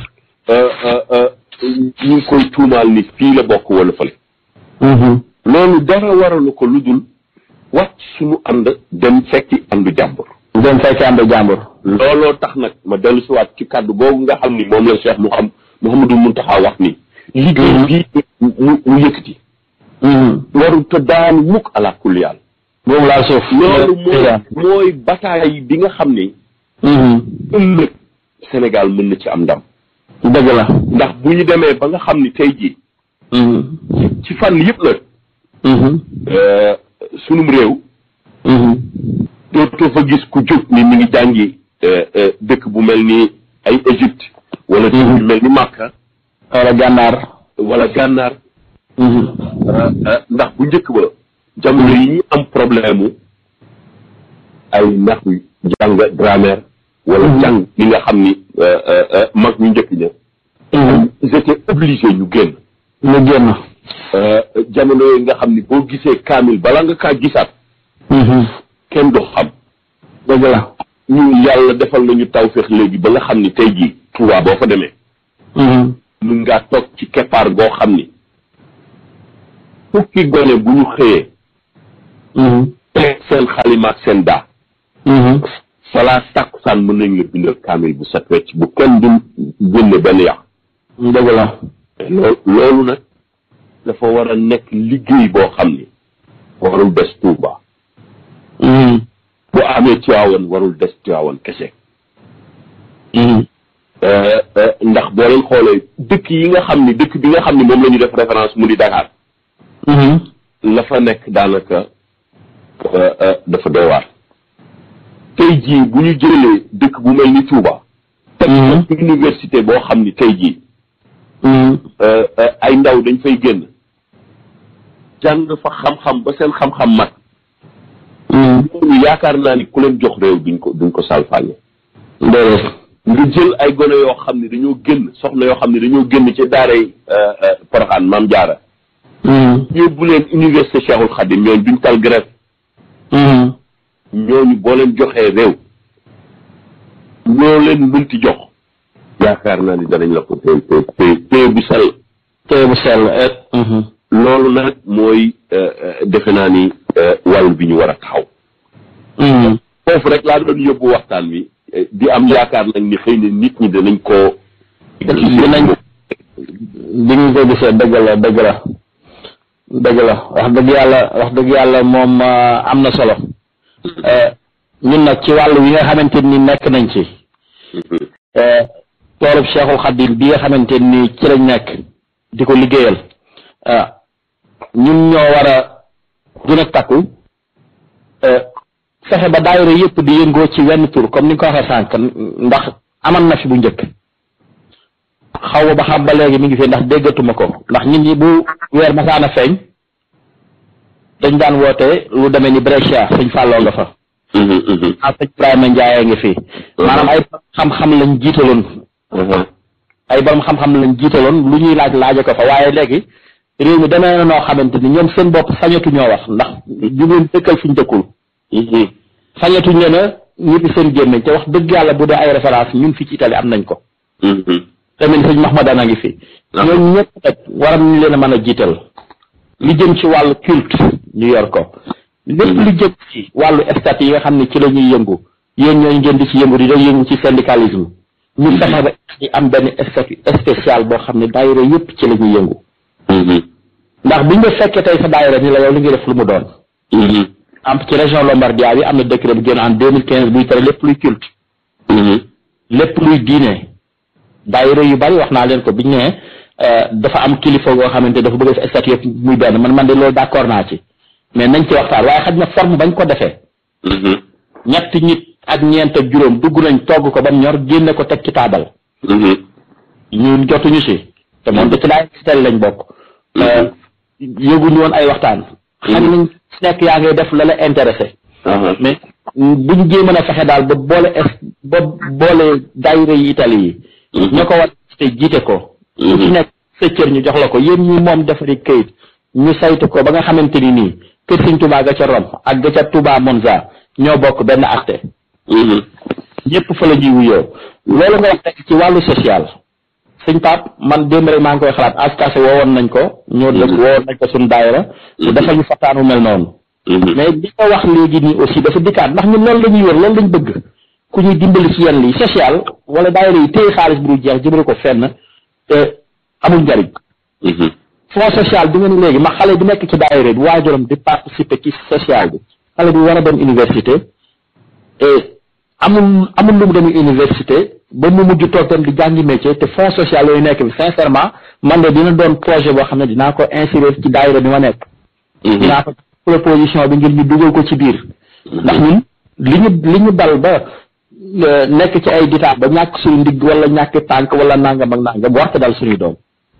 Euh, euh, euh, ñu ngi koy tuumaal ni fii la bokk wala fële. Mm-hmm. loolu dara waralu ko lu dul wàcc suñu ànd dem fekki àndu jàmbur. dem fekki àndu jàmbur. looloo tax nag ma dellu si waat ci kàddu boobu nga xam ni moom la Cheikh mu xam Mouhamadou Mountakha wax nii. Mm-hmm. liggéey bii mu mu yëkkati. Mm-hmm. daan mukk ala yàlla. moom laa soof. loolu mooy bataay bi nga xam ni. ëllëg Sénégal mën na ci am ndam. dëgg la ndax bu ñu demee ba nga xam ni tey jii. Mm-hmm. ci fànn yëpp la. Mm-hmm. Euh, sunum réew. Mm-hmm. dootoo fa gis ku jóg ni mi ngi jàngi euh, euh, dëkk bu mel ni ay Égypte. wala dëkk mel ni Makka. wala gànnaar. wala gànnaar. ndax bu njëkk ba. jamono yi ñu am problème mu ay nax jàng grammaire. wala jàng li nga xam ni. Euh, euh, euh, mag ñu njëkk ña mhm. ils étaient obligés ñu génn ñu génn jamono yooyu nga xam ni boo gisee kaamil bala nga kaa gisaat mhm. kenn doo xam dëgg la ñu yàlla defal lañu tawféex léegi ba nga xam ni tey jii Tuubaa boo fa demee mun mhm. nga toog ci keppaar goo xam ni fukki gone bu ñu xëyee seen xalimaak seen daa balaa tàkkusaan mën nañ la bindal kaamil bu set wecc bu kenn du génne benn yàq dëgg la loolu loolu nag dafa war a nekk liggéey boo xam ni warul des Tuuba hmm. bu amee Tiwaawan warul des Tiwaawan kese hmm. eh, eh, ndax boo leen xoolee dëkk yi nga xam ni dëkk bi nga xam ni moom la def référence mu di Dakar hmm. la nekk daanaka eh, dafa doy waar tey jii bu ñu jëlee dëkk bu mel ni Touba. teg mm-hmm. université boo xam ni tey jii. Mm-hmm. Euh, euh, ay ndaw dañ fay génn. jàng fa xam-xam ba seen xam-xam mat. Mm-hmm. yaakaar naa ni ku leen jox réew duñ ko duñ ko salfaañe. nga jël ay gone yoo xam ne dañoo génn soxla yoo xam ne dañoo génn ci daaray euh, Poroxaan Maam Jaara. yóbbu leen université Cheikhul Khadim ñoom duñ tal grève. ñooñu boo leen joxee réew ñoo leen mënti jox yaakaar naa ni danañ la ko tey tey bu sell tey bu sell et eh. mm-hmm. mm-hmm. loolu nag mooy eh, eh, defe naa ni wàll bi ñu war a taxaw mm-hmm. foofu rek laa doon yóbbu waxtaan wi di am yaakaar nag ni xëy na nit ñi danañ koo dinañ diñu ko gisee dëgg la dëgg la dëgg la wax dëgg yàlla wax dëgg yàlla moom ah, am na solo Eh, ñun nag ci wàll wi nga xamante ni nekk nañ ci mm-hmm. eh, toolub Cheikhul Khadim bi nga xamante ni ci lañ nekk di ko liggéeyal ah, ñun ñoo war a gën a takku eh, fexe ba daayira yëpp di yëngoo ci wenn tur comme ni nga ko waxee sànq ndax aman na fi bu njëkk xaw ma ba xam ba léegi mu ngi fi ndax déggatuma ko ndax nit ñi bu weer masaana feeñ dañ daan woote lu demee ni Brescia sëñ Fallou nga fa. njaay mhm, mhm. ah, sëñ Ibrahima Ndiaye ngi fi. Mhm. maanaam ay xam-xam lañ jiitaloon. ay borom xam-xam lañ jiitaloon lu ñuy laaj laaje ko fa waaye léegi réew mi demee na noo xamante ni ñoom seen bopp sañatuñoo wax ndax ñu leen dëkkal fi ñu dëkkul. sañatuñ leen a ñibbi seen gémmiñ te wax dëgg yàlla bu dee ay référence ñun fi ci Italie am nañ ko. ma sëñ a ngi fi. ñooñu ñëpp nag waroon ñu leen a mën a jiital. lu jëm ci wàllu culte ñu yor ko lépp lu jëm ci wàllu statut yi nga xam ne ci la yëngu yéen ñooy ngeen di ci yëngu di doon yëngu ci syndicalisme ñu mm-hmm. fexe ba di am benn statut spécial boo xam ne daayira yëpp ci la ñuy yëngu mm-hmm. ndax bu ñu la fekkee tey sa daayira ni la yow li nga def lu mu doon mm-hmm. am ci région Lombardia bi am na décret bu génn en deux mille quinze buy tere lépp luy culte lépp luy diine daayira yu bari wax naa leen ko biñu nee Euh, dafa am kilifa goo xamante dafa bëgg a statut yëpp muy benn man man de loolu d'accord naa ci mais nañ ci waxtaan waaye xaj na forme bañ ko defee mm-hmm. ñetti nit ak ñeent juróom dugg nañ togg ko ba mu ñor génne ko teg ci taabal mm-hmm. ñun jotuñu si te moom dëkk laay si tel lañ bokk euh, mm-hmm. yëguñu woon ay waxtaan xam nañ si nekk yaa ngay def la la intéressé uh-huh. mais buñ jéemoon a fexe daal ba boole ba boole daayira yi Italie ñoo ko war te jiite ko ku ci nekk sa cër ñu jox la ko yéen ñi moom defari kayit ñu saytu ko ba nga xamante ni nii kër sëñ Touba ga ca Rom ak ga ca Touba Monza ñoo bokk benn acte mm-hmm. ñëpp fa la ñuy wuyoo loolu nga wax rek ci wàllu social sëñ Pape man démb rek maa ngi koy xalaat askase woowoon nañ ko ñoo dëkk mm-hmm. woowoon nañ ko suñ daayira mm-hmm. dafa ñu fattaanu mel non mais di ko wax léegi nii aussi dafa dikkaat ndax ñun loolu la ñuy wër loolu lañ bëgg ku ñuy dimbali ci yenn li social wala daayira yi téye xaalis bu dul jeex jëmale ko fenn te amul njariñ mm-hmm. fonds social bi nga ni léegi ma xale bi nekk ci daayira bi waajuram di participer ci social bi xale bi war a dem université et amul amul lu mu dem université ba mu mujj toog tam di jàngi métier te fonds social yooyu nekk bi sincèrement man de dina doon projet boo xam ne dinaa ko insérer ci daayira bi ma nekk mm-hmm. dinaa ko proposition bi ngir ñu dugal ko ci biir mm-hmm. ndax ñun li ñu li ñu dal ba nekk ci ay ditaam ba ñàkk suñu ndigg wala ñàkk tànk wala nangam ak nangam warta dal suñu doom.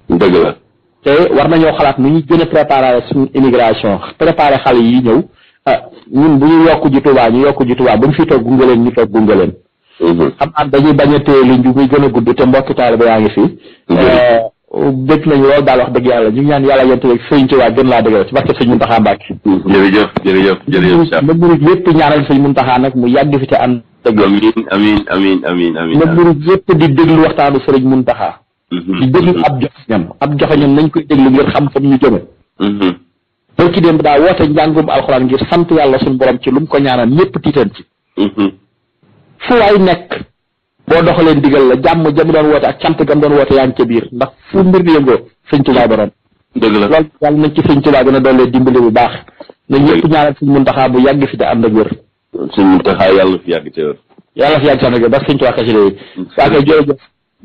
dëgg la. te war nañoo xalaat mu ñu gën a préparer suñu immigration préparer xale yi ñëw ah, ñun bu ñu yokk ji Tuubaa ñu yokk ji Tuubaa bu ñu fi toog gunge leen ñu toog gunge leen. Mhm. xam naa dañuy bañ a téye muy gën a gudd te mbokki taaliba yaa ngi fi. bëgg nañu lool daal wax dëgg yàlla ñu ngi ñaan yàlla yonte rek sëñ Tuubaa gën laa dëgëral ci barke sëñ Muntaxa na mu yàgg fi te ànd dëgg amiin amiin amiin amiin amiin na murit yëpp di déglu waxtaanu sëriñ Muntaxa mhm. di déglu ab joxañam ab joxañam nañ koy déglu ngir xam fam ñu jëme mhm. bërki démb daa woote njàngum alxuraan ngir sant yàlla suñu borom ci ko ñaanal ñëpp tiitan ci mhm. fu waay nekk boo doxalee ndigal la jàmm jam doon woote ak cant gam doon woote yaa ngi ca biir ndax fu mbir di yëngoo sëñ Tuubaa ba doon dëgg la loolu yàlla nañ ci a dooleel dimbali bu baax nañ ñëpp ñaanal sëñ bu yàgg fi te ànd ak wér sëñ Muntaxaa yàlla fi yàgg te wér yàlla fi yàgg te ànd ak wér ndax sëñ Tuubaa kasi léegi mm. jërëjëf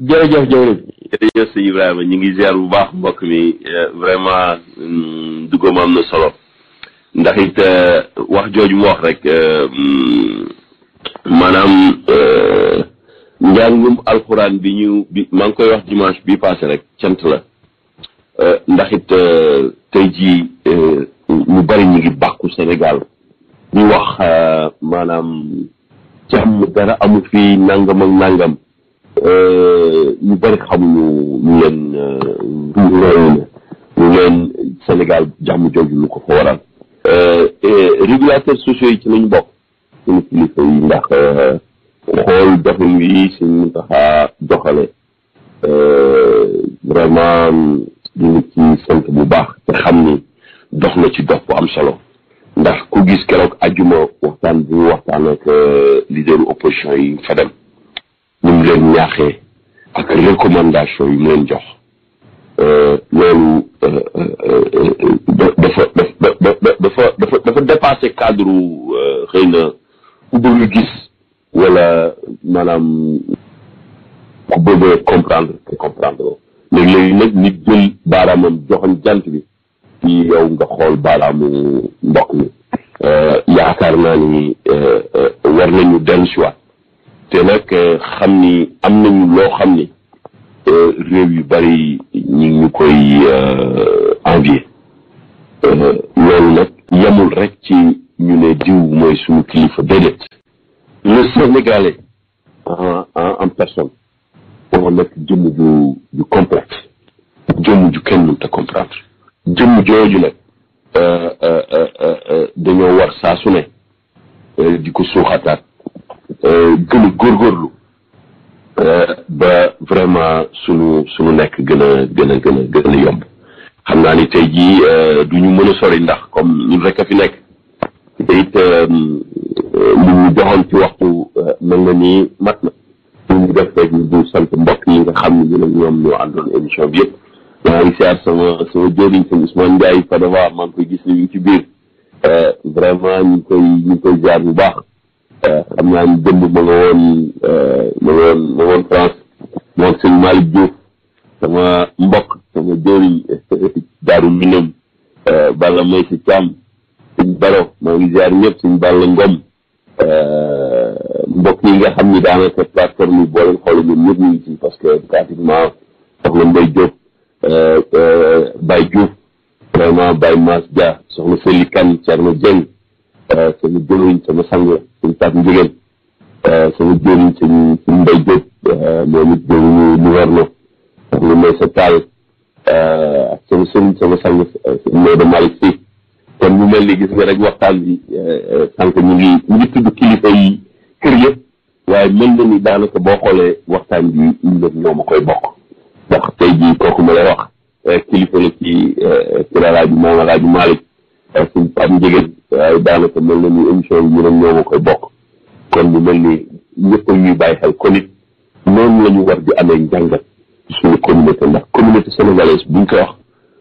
jërëjëf jëwriñ jërëjëf ñu ngi ziar bu baax mbokk mi eh, vraiment mm, duggoom am it eh, wax jooju mu wax rek eh, mm, maanaam njàngum alxuraan bi ñu bi maa ngi koy wax dimanche bi passé rek cant la euh, ndaxit euh, tey jii euh, ñu bari ñu ngi bàkku Sénégal ñu wax maanaam jàmm dara amu fi nangam ak nangam ñu bari xamuñu ñu leen ñu leen Sénégal jàmm jooju lu ko fa waral régulateurs sociaux yi ci lañu bokk suñu kilifa yi ndax xool doxin yi suñ muntaxaa doxale euh, vraiment ñu ngi ci sant bu baax te xam ni dox na ci dox bu am solo ndax ku gis keroog ajuma waxtaan bi mu waxtaan ak euh, leaderu opposition yi fa dem ñu mu leen ñaaxee ak recommandation yi mu leen jox euh, loolu dafa dafa dafa dafa dafa dépassé xëy na ku bëgg gis wala maanaam ku bëgg a comprendre te comprendre léegi-léegi nag nit jël baaraamam joxoon jant bi ci yow nga xool baaraamu mbokk mi euh, yaakaar naa ni euh, war nañu dellu si te nag euh, xam ni am nañu loo xam ni réew yu bari ñi ñu koy envier loolu nag yemul rek ci ñu ne diw mooy suñu kilifa déedéet le Sénégalais en en personne moo nekk jëmm ju ju complexe jëmm ju kenn mënta comprendre jëmm jooju nag euh, euh, euh, dañoo war saa su ne di ko suuxataat gën a góorgóorlu ba vraiment sunu sunu nekk gën a gën a yomb xam naa ni tey jii du ñu mën a sori ndax comme ñun rek a fi nekk te it um, li ñu joxoon ci waxtu uh, mel ni mat na def rek ñu du sant xam ne ñu ne ñoom ñoo àndoon émission bi sama sama jëriñ sëñ Ousmane Ndiaye Padova maa ngi ci biir uh, vraiment ñu ngi koy ñu ngi bu baax uh, xam naa ni jëmb ma nga France moom sëñ Malick Diouf sama mbokk sama jëriñ daaru minam bala may si càmm sëñ Baro maa ngi ziar ñëpp sëñ Balla Ngom euh, mbokk yi nga xam ni daanaka plateforme yi boo leen xoolee ñoom ñëpp ñu ngi ci parce que pratiquement soxna Mbaye Diop euh, euh, Baye Diouf vraiment soxna Sëli Kane na soxna Mbaye sa taal ak sama sëriñ sama sang Maodo Malick Sy kon mu mel ni gis nga rek waxtaan bi euh, euh, sànq ñu ngi ñu ngi tudd kilifa yi kër yëpp waaye mel na ni daanaka boo xoolee waxtaan bi ñu ne ñoom a koy bokk ndax tey jii kooku ma lay wax euh, kilifa la ci ci rajo moom rajo Malick suñ Pape Ndiéguène waaye daanaka na ni émission bi ñu ne ñoom a koy bokk kon mu mel ni ñëpp ñuy bàyyi xel kon it noonu la ñu amee njàngat suñu communauté ndax communauté sénégalaise buñ ko wax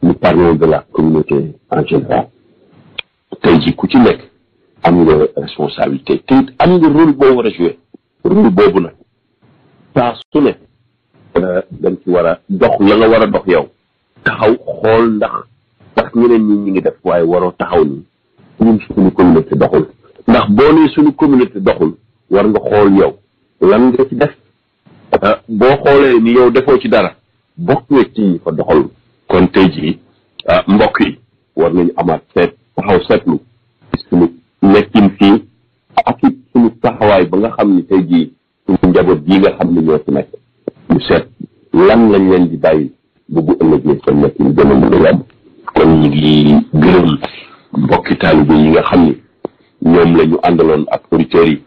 nous parlons de la communauté en général tey ji ku ci nekk am nga responsabilité te am nga rôle boo war a joué rôle boobu nag saa su ne dañ ci war a dox la nga war a dox yow taxaw xool ndax ndax ñeneen ñi ngi def waaye waroo taxaw ni suñu communauté doxul ndax boo nee suñu communauté doxul war nga xool yow lan nga ci def ah, boo xoolee ni yow defoo ci dara bokk nga ci ñi ko doxal kon tey jii ah, mbokk yi war nañu amaat seet taxaw seetlu suñu ba nga xam ni tey jii suñu njaboot jii lan lañ leen di bàyyi bëggu kon ngi gërëm mbokki taalibe yi nga xam ni ñoom la àndaloon ak auditeurs yi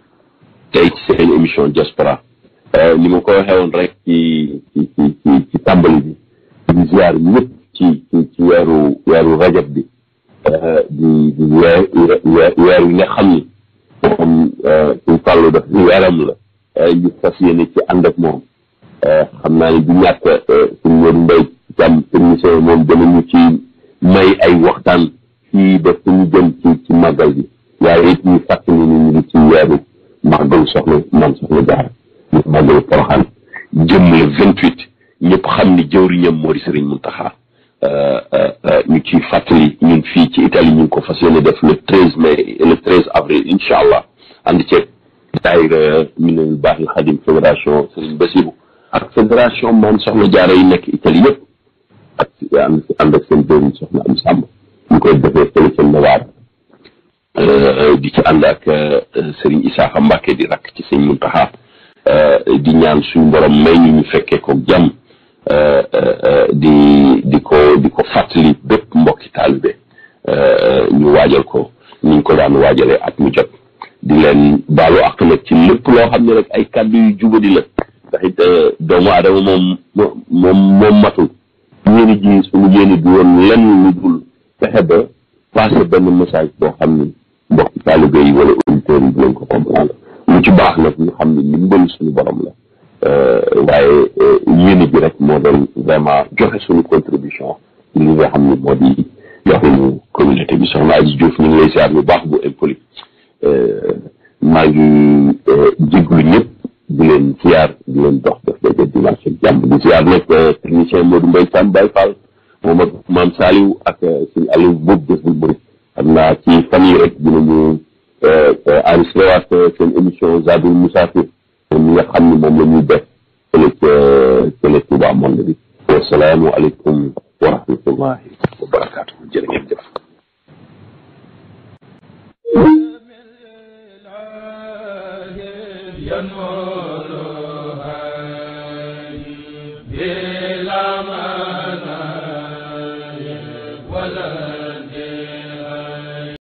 tey ci seen émission diaspora euh, ni ma ko waxee rek ci ci ci ci bi di ziar ñëpp ci ci ci weeru weeru rajab bi di di weer yi nga xam ni moom suñ fàllu daf di weeram la ñu fas yéene ci ànd ak moom xam naa ni du ñàkk suñ mën mbay jàmm permission moom danañu ci may ay waxtaan fii ba suñu jëm ci ci màggal bi waaye it ñu fàttali ni ñu ngi ci weeru màggalu soxna maam soxna jaara ñu màggalu poroxaan jëm le vingt-huit ñëpp xam ni jëwriñam moo di sëriñ Muntaxa Euh, euh, euh, ñu ci fàttali ñun fii ci ñu ngi ko fas yéene def le treize mai le treize avril incha allah ànd ceeg daayira Minanul Baaxil Xadim fédération Serigne Bassirou ak fédération Maam Soxna Jaara yi nekk Italie yëpp ak seen jëriñ soxna am sàmm ñu koy defee fële seen nawaar di ci ànd ak Serigne Isaaxa Mbàkke di rakk ci sëñ Muntaxa di ñaan suñu borom may ñu ñu fekkee ko jàmm Eh, eh, eh, di di ko di ko fàttali bépp mbokki taalibe ñu waajal ko niñ ko daan waajalee at mu jot di leen baalu ak nag ci lépp loo xam ne rek ay kàddu yu jubadi la ndax it doomu aadama moom moom moom matul yéeni ji suñu yéeni bi woon lenn lu dul fexe ba passé benn message boo xam ni mbokki taalibe yi wala auditeurs yi dinañ ko comprendre lu ci baax nag ñu xam ne limbalu suñu borom la Euh, waaye euh, yéene bi rek moo doon vraiment joxe suñu contribution ci li nga xam ni moo di communauté bi soxna Aji Diouf ñu ngi lay siyaar bu baax bu impoli euh, maa ngi jéglu ñëpp di leen siyaar di dox def daje dimanche ak jàmm di siyaar nag technicien Modou Mbaye Sam Baye Fall moom ak maam Saliou ak suñu Aliou Mboup deful bëri xam naa ci fan yi rek dinañu enregistré waat seen émission Zadul Musaafir moom mi nga xam ne moom la ñuy def fële ca fële Touba monde bi wasalaamu aleykum wa rahmatullahi wa barakaatu jërë ngeen jëf يا نور